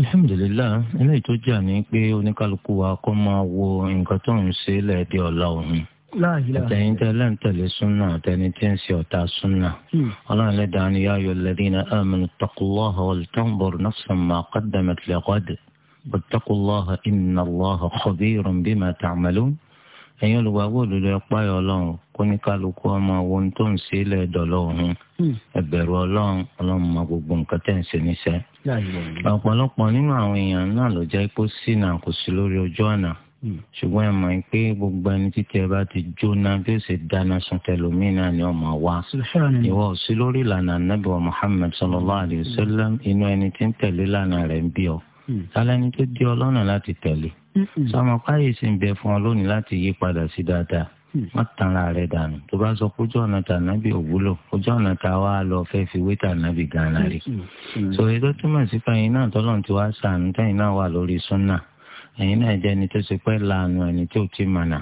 alhamdulillah eléyìí tó jà ní pé oníkálukú wa kọ́ máa wo nǹkan tó ń ṣe lẹ́ẹ̀dẹ́ ọ̀la òun àtẹ̀yìn tẹ lẹ́ǹtẹ̀lé súnà àtẹni tí ń ṣe ọ̀tá súnà hmm. ọlọ́run lẹ́dàá ni yá ayọ̀ alladhina amanu ittaqullaha wal tanzur nafsun ma qaddamat lighad wattaqullaha inna Allaha khabirun bima ta'malun ẹ̀yin olùgbàgbọ́ òdodo ẹ̀pá yọ ọlọ́run kó ní kálukú ọmọ ohun tó ń ṣe ilẹ̀ dọ̀lọ́ ọ̀hún hmm. ẹ̀bẹ̀rù ọlọ́run ọlọ́run mọ gbogbo nǹkan tẹ̀ ń Mm. ṣùgbọ́n ẹ mọ̀ pé gbogbo ẹni títí ẹ bá ti jóná bí ó ṣe dáná sun tẹlómìn ni ọmọ wa ìwọ sí lórí ìlànà anábì wa Muhammad sallallahu alayhi wa sallam mm. inú ẹni tí ń tẹ̀lé lánàá rẹ̀ ń bí ọ mm. tálẹ́ni tó di ọlọ́nà láti tẹ̀lé sọmọ káyè sì ń bẹ fún ọ lónìí láti yí padà sí dáadáa má tanra rẹ̀ dànù tó bá sọ pé ojú ọ̀nà tànàbì òwúlò ojú ọ̀nà tá wá lọ fẹ́ fi wé tànàbì gan-an rí. sòye ẹ̀yin náà jẹ́ ẹni tó ṣe pé lànà ẹni tí ò ti mànà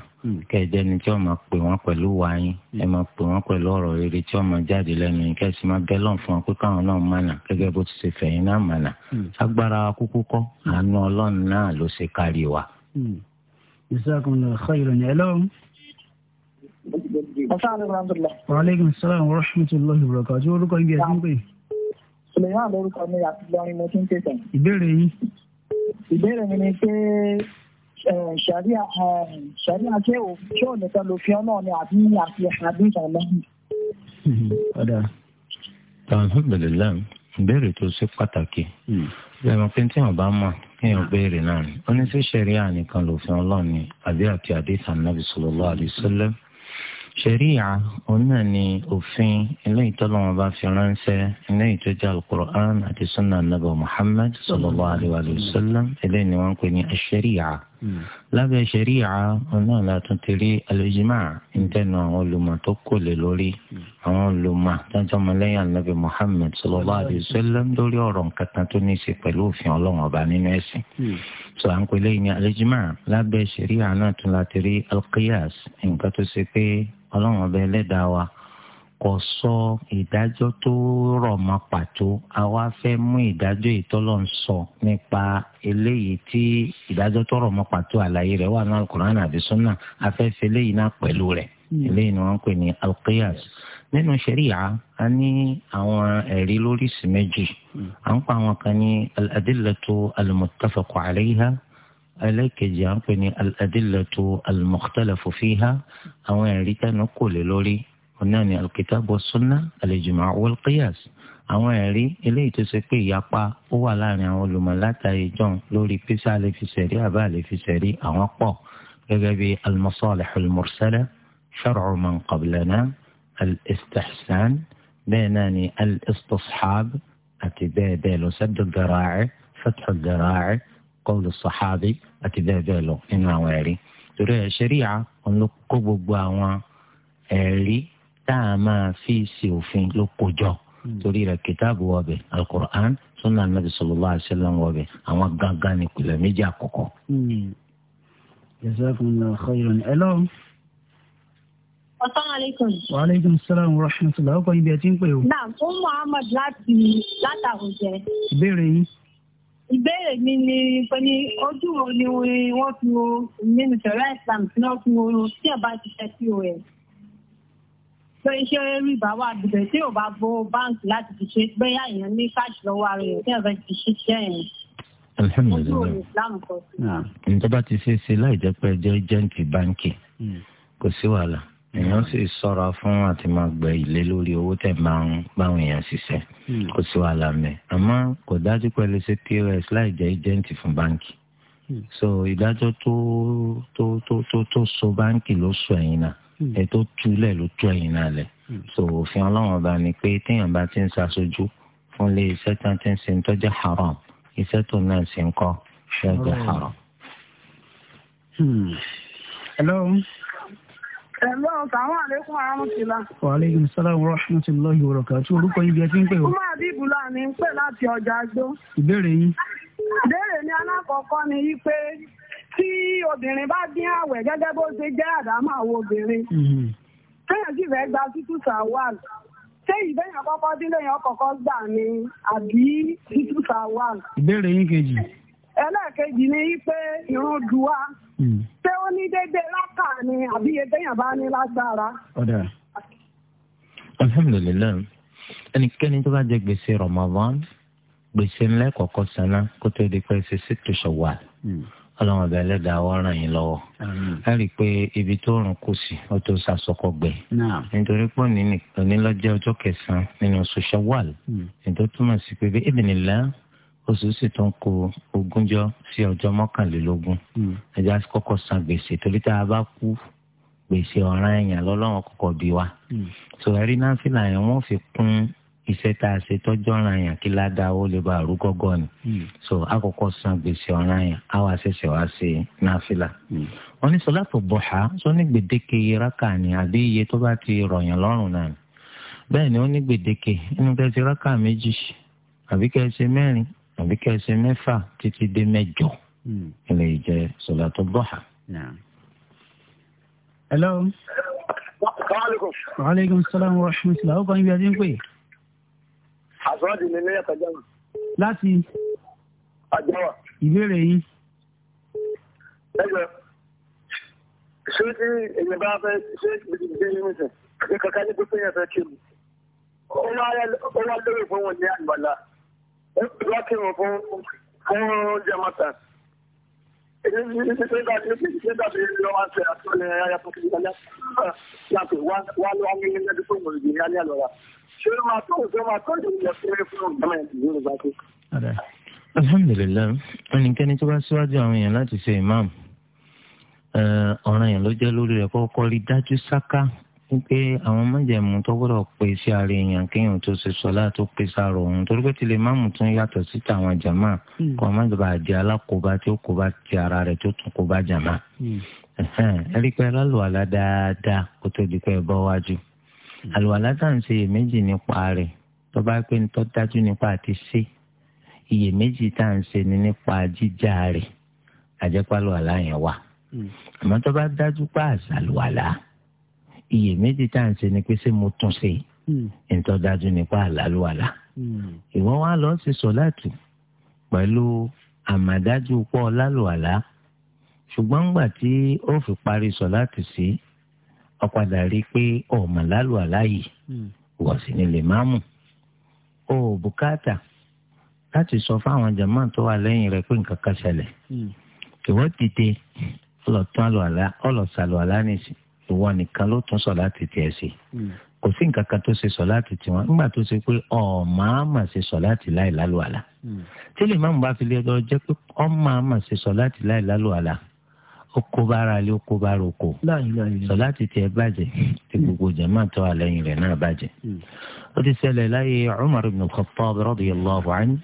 kẹjẹ ni tí wọ́n hmm. máa pè wọ́n pẹ̀lú wáyín hmm. ẹ máa pè wọ́n pẹ̀lú ọ̀rọ̀ rere tí wọ́n máa jáde lẹ́nu yìí kẹsì máa bẹ lọ́n fún wọn pé káwọn náà mànà gẹ́gẹ́ bó ti ṣe fẹ̀yìn náà mànà hmm. agbára kúkú kọ́ àánú Ọlọ́run náà ló ṣe kárí wa. wàhálẹ́gùn sọ́lá wa rahmatullahi wa barakatuh orúkọ ibi ẹ̀sìn pé. sùlẹ̀yìn àlọ́ orúkọ mi àti lọ́rin mo ti ń tẹ̀sán. ìbéèrè yìí ìbéèrè mi ni pé ṣàríà ṣàríà ṣé òfin ṣé òní kan ló fi ọ́ náà ni àbí àti àbí ìtàn lẹ́yìn. Hmm, ọ̀dà alhamdulilayi ìbéèrè tó ṣe pàtàkì ìgbàgbọ́n hmm. pé tí wọ́n bá mọ̀ kéèyàn béèrè náà ni ó ní sí ṣàríà nìkan lòfin ọlọ́ọ̀ni àbí àti àdéhùn nàbì sallallahu alaihi wasallam ṣẹ̀ríà òun náà ni òfin eléyìí tọ́lọ́wọ́n bá fi ránṣẹ́ eléyìí tó jẹ́ alukur'an àti sunnah nabi muhammad sallallahu alayhi wa eléyìí ni wọ́n ń pè ní ṣẹ̀ríà lábẹ́ ṣẹ̀ríà náà la tún ti rí alẹ́jìmá ìtẹnu àwọn olùmọ̀ tó kò lè lórí àwọn olùmọ̀ tọ́jọ́ ọmọlẹ́yìn anabi muhammed sallallahu alaihi wasallam lórí ọ̀rọ̀ nǹkan kan tó ní í ṣe pẹ̀lú òfin ọlọ́run ọba nínú ẹ̀sìn. sọ à ń pè lẹ́yìn ní alẹ́jìmá lábẹ́ ṣẹ̀ríà náà tún la ti rí alqiyas nǹkan tó ṣe pé ọlọ́run ọba ẹlẹ́dàá wa kò sọ ìdájọ́ tó rọ̀ mọ́ pàtó a wá fẹ́ mú ìdájọ́ ìtọ́lọ̀ ń sọ nípa eléyìí tí ìdájọ́ tó rọ̀ mọ́ pàtó àlàyé rẹ̀ wà náà Al-Qur'an àbí súnà a fẹ́ fi eléyìí náà pẹ̀lú rẹ̀ hmm. eléyìí ni wọ́n ń pè ní al-qiyas nínú ṣẹ̀ríà a ní àwọn ẹ̀rí lóríṣi méjì hmm. à ń pa àwọn kan ní al-adillatu al-muttafaqu à ń pè ní al-adillatu àwọn ẹ̀rí tẹnu kò lé lórí náà ni alkitab wa sunna al-ijma' ẹ̀rí eléyìí tó ṣe pé ìyapa ó wà láàrin àwọn olùmọ̀ látàrí john lórí písà lè fi ṣẹ̀rí àbá lè fi ṣẹ̀rí àwọn pọ̀ gẹ́gẹ́ bí al-masalih al-mursala shar'u man qablana al bẹ́ẹ̀ náà ni al àti bẹ́ẹ̀ bẹ́ẹ̀ lọ sẹ́dọ̀ al fẹ́tọ̀ fathu kọ́lù dharai sahabi àti bẹ́ẹ̀ bẹ́ẹ̀ lọ nínú àwọn ẹ̀rí torí ẹ̀ ṣẹ̀ríà òun ló kó gbogbo àwọn ẹ̀rí tá a máa fi ṣe òfin ló kó jọ hmm. torí rẹ̀ kìtàbù wọbẹ̀ alukur'an sunna anabi sallallahu alaihi wasallam wọbẹ̀ àwọn gángan ní ìpìlẹ̀ méjì àkọ́kọ́. Hmm. jazakumullahu khairan hello. Assalamualaikum. Waaleykum salaam wa rahmatulah. Ọkọ ibi ẹ ń pè o. Naam, ó umm mú Ahmad láti látàwùjẹ. Ìbéèrè yín. Ìbéèrè mi ni pé ní ojú wo ni wọ́n fi wo nínú ìṣẹ̀rẹ́ ìsìlámù tí fi wo tí ẹ̀ bá ti ṣe sí o ẹ̀ pé iṣẹ́ rìbá wà dùbẹ̀ tí ò bá bo báǹkì láti fi ṣe gbéyà yẹn ní káàṣì lọ́wọ́ ara yẹn tí ẹ̀ fẹ́ ti ṣiṣẹ́ yẹn. alhamdulilayi nǹkan bá ti ṣe é ṣe láì jẹ́ pé ẹjọ́ jẹ́ǹtì báǹkì hmm. kò sí wàhálà èèyàn sì ṣọ́ra fún àti máa gbẹ ilé lórí owó tẹ̀ máa ń báwọn èèyàn ṣiṣẹ́ hmm. kò sí wàhálà mẹ́ àmọ́ kò dájú pẹ̀lú ṣe pos láì jẹ́ ẹjẹ́ǹtì fún báǹkì hmm. so ìdájọ́ tó tó tó tó so báǹkì ló sọ ẹ̀yin náà Hmm. ẹ tó túlẹ̀ ló tú ẹ̀yìn náà lẹ̀ hmm. so òfin ọlọ́run ọba ni pé téèyàn bá ti ń ṣaṣojú fún ilé iṣẹ́ tí wọ́n ti ń ṣe ń tọ́jú haram iṣẹ́ tó náà ṣe ń kọ́ ṣe ń jẹ́ haram. Hmm. hello. Ẹ̀lọ́ sàwọn àlékún àrùntìlá. Wà aléyìn sálàmù rahmatullahi wa barakatuh. Orúkọ yìí bí ẹ ti ń pè ó. Ọmọ àbíbùlà ni ń pè láti ọjà àgbó. Ìbéèrè yín. Ìbéèrè ni alákọ̀ọ́kọ́ ni yí pé tí obìnrin bá dín àwẹ̀ gẹ́gẹ́ bó ṣe jẹ́ àdámọ́ àwọn obìnrin mhm. téèyàn sì fẹ́ gba títú sawal ṣé ìbéèyàn kọ́kọ́ dín léèyàn kọ́kọ́ gbà ni àbí títú sawal. ìbéèrè yín kejì. ẹlẹ́ẹ̀kejì ni pé ìrun dùwà mhm. ṣé ó ní déédéé lákà ni àbí ebéèyàn bá ní lágbára. ọ̀dà alhamdulilayi ẹnikẹ́ni tó bá jẹ gbèsè Ramadan gbèsè ńlẹ́ kọ̀ọ̀kan sanná kó tó di pé ṣe ṣètò Ṣawwal. Hmm ọlọ́run ọba ẹlẹ́dàá wa ràn yín lọ́wọ́ a rí i pé ibi tó rùn kù sí ó tó sàsọkọ gbẹ nítorí pé onílọ́jẹ́ ọjọ́ kẹsàn-án nínú oṣù Ṣawwal hmm. ètò túmọ̀ sí pé bí ibìnilá oṣù sì tó ń kó ogúnjọ́ sí ọjọ́ mọ́kànlélógún hmm. ẹjọ́ kọ́kọ́ san gbèsè torí tá a bá kú gbèsè ọ̀ràn ẹ̀yàn lọ́lọ́run kọ̀ọ̀kan bí wa tòwárí hmm. náà fìlà yẹn wọ́n fi kún iṣẹ́ tá a ṣe tọ́jú ọ̀ràn yẹn kí ládàá ó ni hmm. so àkọ́kọ́ san gbèsè ọ̀ràn yẹn á wá ṣẹ̀ṣẹ̀ wá ṣe náfìlà. Hmm. wọ́n ní sọlá tó sọ ni àbí iye tó bá ti rọ̀yàn lọ́rùn náà ni bẹ́ẹ̀ ni ó ní gbèdéke inú méjì àbí kẹsì mẹ́rin àbí kẹsì mẹ́fà títí dé mẹ́jọ hmm. ilé ìjẹ sọlá tó hello. àsọ́ọ̀dì mi lẹ́yìn àtàjáwà. láti. àjáwà. ìbéèrè yín. ẹ jọ ṣé tí èèyàn bá fẹ́ ṣe gbèdégbèdé yín nìsín ní kankan ní gbèsè yẹn fẹ́ kí mi. ó wá lórí fún wọn ní àgbàlá ó wá kí wọn fún fún jẹmọta. èyí ní ṣe dàbí ṣe dàbí lọ́wọ́ àti àtúnlẹ̀ ayàtọ̀ kìí lálẹ́ àti wá lọ́wọ́ nílẹ̀ tó wọ̀ ní alẹ́ ṣé ló máa tó òṣèlú máa tó ìdílé alhamdulilayi ẹnikẹ́ni tó bá síwájú àwọn èèyàn láti ṣe imam ọ̀ràn yẹn ló jẹ́ lórí rẹ̀ kọ́kọ́ rí dájú sáká wípé àwọn májẹ̀mú tó gbọ́dọ̀ pè sí ara èèyàn kéèyàn tó ṣe sọ́lá tó pè sára òun torí pé tilẹ̀ máàmù tún yàtọ̀ sí tàwọn jàmá kọ́ má jọba àjẹ alákòóbá tí ó kóbá ti ara rẹ̀ tó tún kóbá jàmá. ẹ̀rí pé alálò dáadáa kó tó di pé ẹ bọ́ wájú àlùwàlá tá à ń ṣe iyèméjì nípa rẹ̀ tó bá pé ń tọ́ dájú nípa àti ṣe iyèméjì tá à ṣe ni nípa jíjà rẹ̀ àjẹpálọ̀ àlá yẹn wà hmm. àmọ́ tó bá dájú pé àṣàlùwàlá iyèméjì tá à ṣe ni pé ṣé mo tún ṣe ń hmm. tọ́ dájú nípa àlálùwàlá hmm. ìwọ wa lọ sí sọ̀láàtù pẹ̀lú àmàdájú pọ̀ lálùwàlá ṣùgbọ́n ńgbà tí ó fi parí sọ̀láàtù sí. Si, ọ̀padà rí i pé ọ̀mọ̀ lálù aláyì hmm. wọ̀ sí ni lè má mú o ò bùkátà láti sọ fáwọn jàmá tó wà lẹ́yìn rẹ pé nǹkan kan ṣẹlẹ̀ ìwọ hmm. dìde ọlọ́sàlù alá nìsí ìwọ nìkan ló tún sọ láti tiẹ̀ sí hmm. kò sí nǹkan kan tó ṣe sọ láti tiwọn nígbà tó ṣe pé ọ̀ọ́màámà ṣe sọ láti láì lálù àlá tí lè má mú bá fi lè lọ jẹ́ pé ọ̀ọ́màámà ṣe sọ láti láì lálù àlá ó kó bára lé ó kó bára oko sọlá ti tiẹ̀ bàjẹ́ tí gbogbo jama tó àlẹ́yìn rẹ̀ náà bàjẹ́. Hmm. ó ti ṣẹlẹ̀ láyé Umar ibn Khattab radiyallahu anhu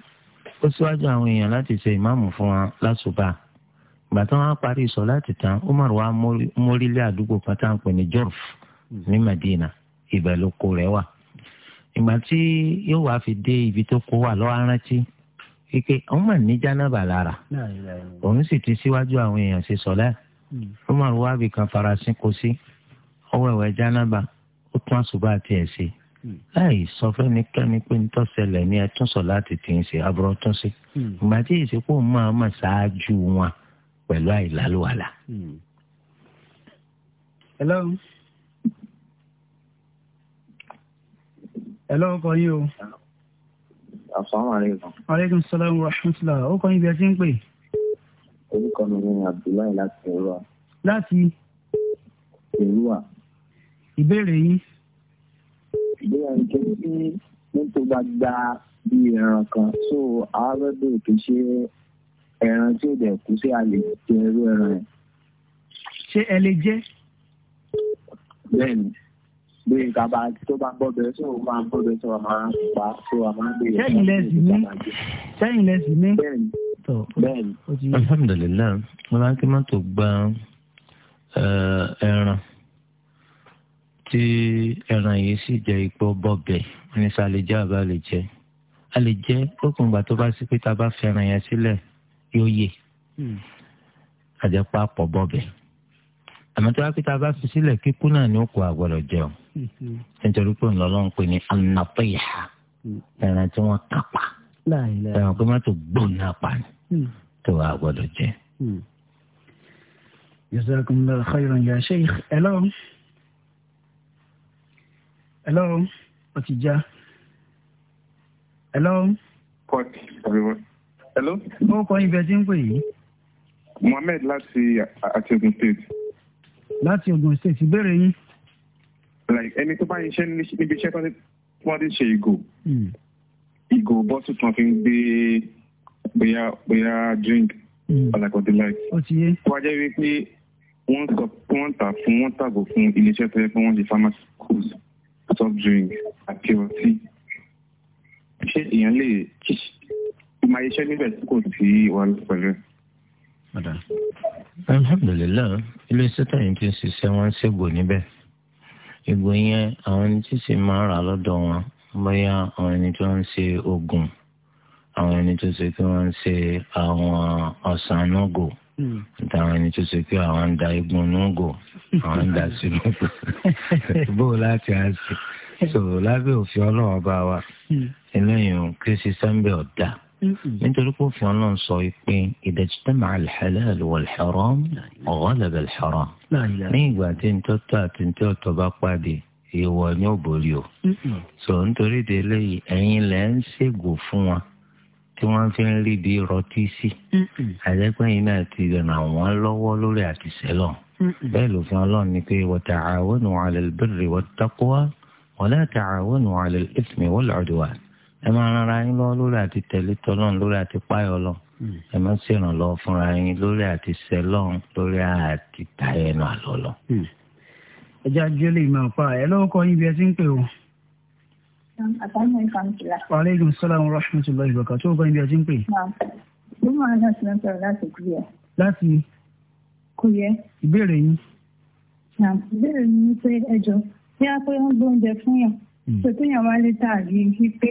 ó síwájú àwọn èèyàn láti ṣe ìmáàmù fún wa lásùbà ìgbà tí wọ́n parí sọlá ti tán Umar wa mórílẹ̀ àdúgbò pátá ní Jorf hmm. ní Madina ibẹ̀ ló kó wà. ìgbà tí yóò wá fi dé ibi tó kó wà lọ́wọ́ arántí ike òun mà ní jánábà lára òun sì ti síwájú àwọn èèyàn ṣe sọlẹ hmm. ó máa wá ibì kan farasin kó sí ọwọ́ ẹ̀wẹ̀ jánábà ó tún àṣùbà àti ẹ̀ ṣe hmm. láì sọ fẹ́nikẹ́ni pé ń tọ́sẹ̀lẹ̀ ní ẹtún sọ láti tì í ṣe aburú tún sí hmm. ìgbà tí ìsìnkú máa mà ṣáájú wọn pẹ̀lú àìlálùwàlà. hello. hello kọ́ yín o asalaamualeykum. aleykum salaam wa rahmatulah ó kọ́ ibi ẹ ti ń pè. orúkọ mi ni abdullahi láti èrúwà. láti. èrúwà. ìbéèrè yín. ìbéèrè yín kí ni mọ́tò bá gba bí ẹran kan so àárọ̀ bèrè kì í ṣe ẹran tí ó dẹ̀ kú sí àlè jẹ irú ẹran yẹn. ṣé ẹ lè jẹ́. bẹ́ẹ̀ni bí nǹkan bá tó bá gbọ́dọ̀ tó o máa gbọ́dọ̀ tó o máa pa tó o máa gbé. sẹ́yìn lẹ́sìn ní sẹ́yìn lẹ́sìn ní. bẹ́ẹ̀ni alhamdulilayi wọn bá kí mọ́tò gba ẹran tí ẹran yìí sì jẹ́ ipò bọ́bẹ̀ ní sàlẹ̀jẹ́ àbá lè jẹ́ a lè jẹ́ lókun ìgbà tó bá sí pé tá a bá fẹ́ràn yẹn sílẹ̀ yóò yè àjẹpá hmm. pọ̀ bọ́bẹ̀ àmọ́ tí wọ́n fi ta bá fi sílẹ̀ kíkú náà ní òkú àgbọ̀dọ̀ jẹun nítorí pé ńlọ́lọ́ ń pè ní anapẹ́yà ẹran tí wọ́n kápá ẹran pé mọ́tò gbòòn náà pa ni tó àgbọ̀dọ̀ jẹ. jazakumullahu khairan ya sheikh hello hello ó ti já hello. kọ́ọ̀tì hello. ó kọ́ ibẹ̀ tí ń pè yìí. Mohammed láti Àtẹ̀gùn State láti Ògùn state ìbéèrè yín. ẹni tó bá ń ṣe níbi iṣẹ́ tó wá ti ṣe ìgò hmm. ìgò bọ́sù tán fi ń gbé bóyá bóyá drink alákọ̀dé hmm. láì. ó ti yé. wọ́n á jẹ́ wípé wọ́n sọ pé wọ́n tà fún wọ́n tàgò fún iléeṣẹ́ tó yẹ pé wọ́n ṣe pharmacy schools soft drink àti ọtí. ṣé èèyàn lè máa ṣiṣẹ́ níbẹ̀ tí kò sí wàhálà pẹ̀lú ẹ̀ alhamdulilayi iléeṣẹ́ tẹ̀yìn ti ń ṣiṣẹ́ wọn ṣègbò níbẹ̀ ìgbò yẹn àwọn ẹni tí sì máa rà lọ́dọ̀ wọn bóyá àwọn ẹni tó ń ṣe oògùn àwọn ẹni tó ṣe pé wọ́n ń ṣe àwọn ọ̀sán nógò táwọn ẹni tó ṣe pé àwọn ń da igun nógò àwọn ń da sínú [LAUGHS] bó láti á sí so lábẹ́ òfin ọlọ́run bá wa hmm. eléyìí kí sísẹ́ ń bẹ̀ ọ̀dà. Mm-hmm. nítorí pé òfin ọlọ́run sọ pé ìdẹ̀jítẹ́mà alḥàlàl wàlḥàrọ́m ọ̀gọ́lẹ̀bẹ̀ lḥàrọ́m ní ìgbà tí ń tọ́tọ́ àti ń tọ́tọ́ bá pàdé ìwọ ni ó borí o. Mm-hmm. sọ nítorí délé yìí ẹ̀yin lẹ́ ń ṣègùn fún wa tí wọ́n fi ń rí bí rọtí sí. Mm-hmm. àjẹpẹ́ yìí náà ti ràn wọ́n lọ́wọ́ lórí àtìsẹ́lọ̀. bẹ́ẹ̀ lòfin ọlọ́run ni pé wa ta'awanu 'ala al-birri ẹ máa ran ara yín lọ́wọ́ lórí àti tẹ̀lé tọ́lọ́run lórí àti páyọ̀ lọ hmm. ẹ máa ṣèrànlọ́wọ́ fúnra yín lórí àti sẹ́lọ́run lórí àti tayọ ẹnu àlọ́ lọ. Hmm. ẹ jẹ́ ajé lè máa pa ẹ lọ́wọ́ kọ́ yín bí ẹ ti ń pè o. aleykum salaam wa rahmatulahi wa kàtó kọ́ yín bí ẹ ti ń pè. mo máa ń láti lọ́sọ̀ láti kúrẹ́. láti. kúrẹ́. ìbéèrè yín. ìbéèrè mi ni pé ẹjọ́ bí a pé wọ́n gbóúnjẹ fún yàn. Hmm. ṣètò yàn wálé tàbí wípé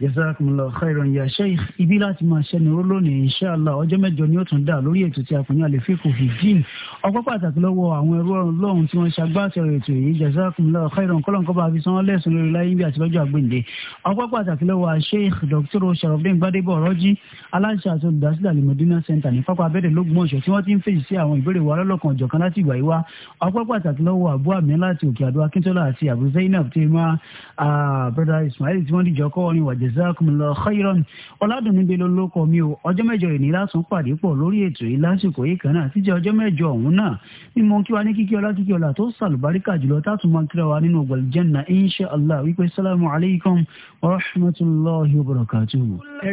jazakumullahu khairan ya sheikh ibi láti máa ṣẹni ró lónìí inshallah ọjọ́ mẹ́jọ ni ó tún dà lórí ètò tí a kò ní àlefíkò fìdín ọpẹ́ pàtàkì lọ́wọ́ àwọn ẹrú ọ̀run lọ́hùn tí wọ́n ṣàgbàṣẹrẹ ètò yìí jazakumullahu khairan kọlọńkọba àfisàn lẹsùn lórí láyé bí àti lọ́jọ́ àgbèǹde ọpẹ́ pàtàkì lọ́wọ́ sheikh dr sharafdin gbadebo ọrọjì aláṣẹ àti olùdásílẹ̀ alimọdúnà center ní pápá abẹ́rẹ́ lógúnmọ̀ṣọ́ tí wọ́n ti ń fèsì sí àwọn ìbéèrè wa lọ́lọ́kan ọ̀jọ̀kan láti ìgbà yìí wá ọpẹ́ pàtàkì lọ́wọ́ àbú àmì láti òkè àdó akíntola àti àbú zainab tí ma ah, brother ismail tí wọ́n dìjọ́ kọ́ ọ́ ní wàjẹ́ jazakumullahu khairan ọ̀làdùnní bẹ́ẹ̀ lórúkọ mi o ọjọ́ mẹ́jọ ìní lásán pàdé pọ̀ lórí ètò yìí lásìkò yìí kan náà títí ọjọ́ mẹ́jọ ọ̀hún náà ni mo kí wa ní kíkí ọlá kíkí ọlá tó sàlùbáríkà jùlọ tátùmọ̀ mákìrà wa nínú ọgbà aljanna insha allah wípé salamu alaykum wa rahmatulahi wa barakatuhu.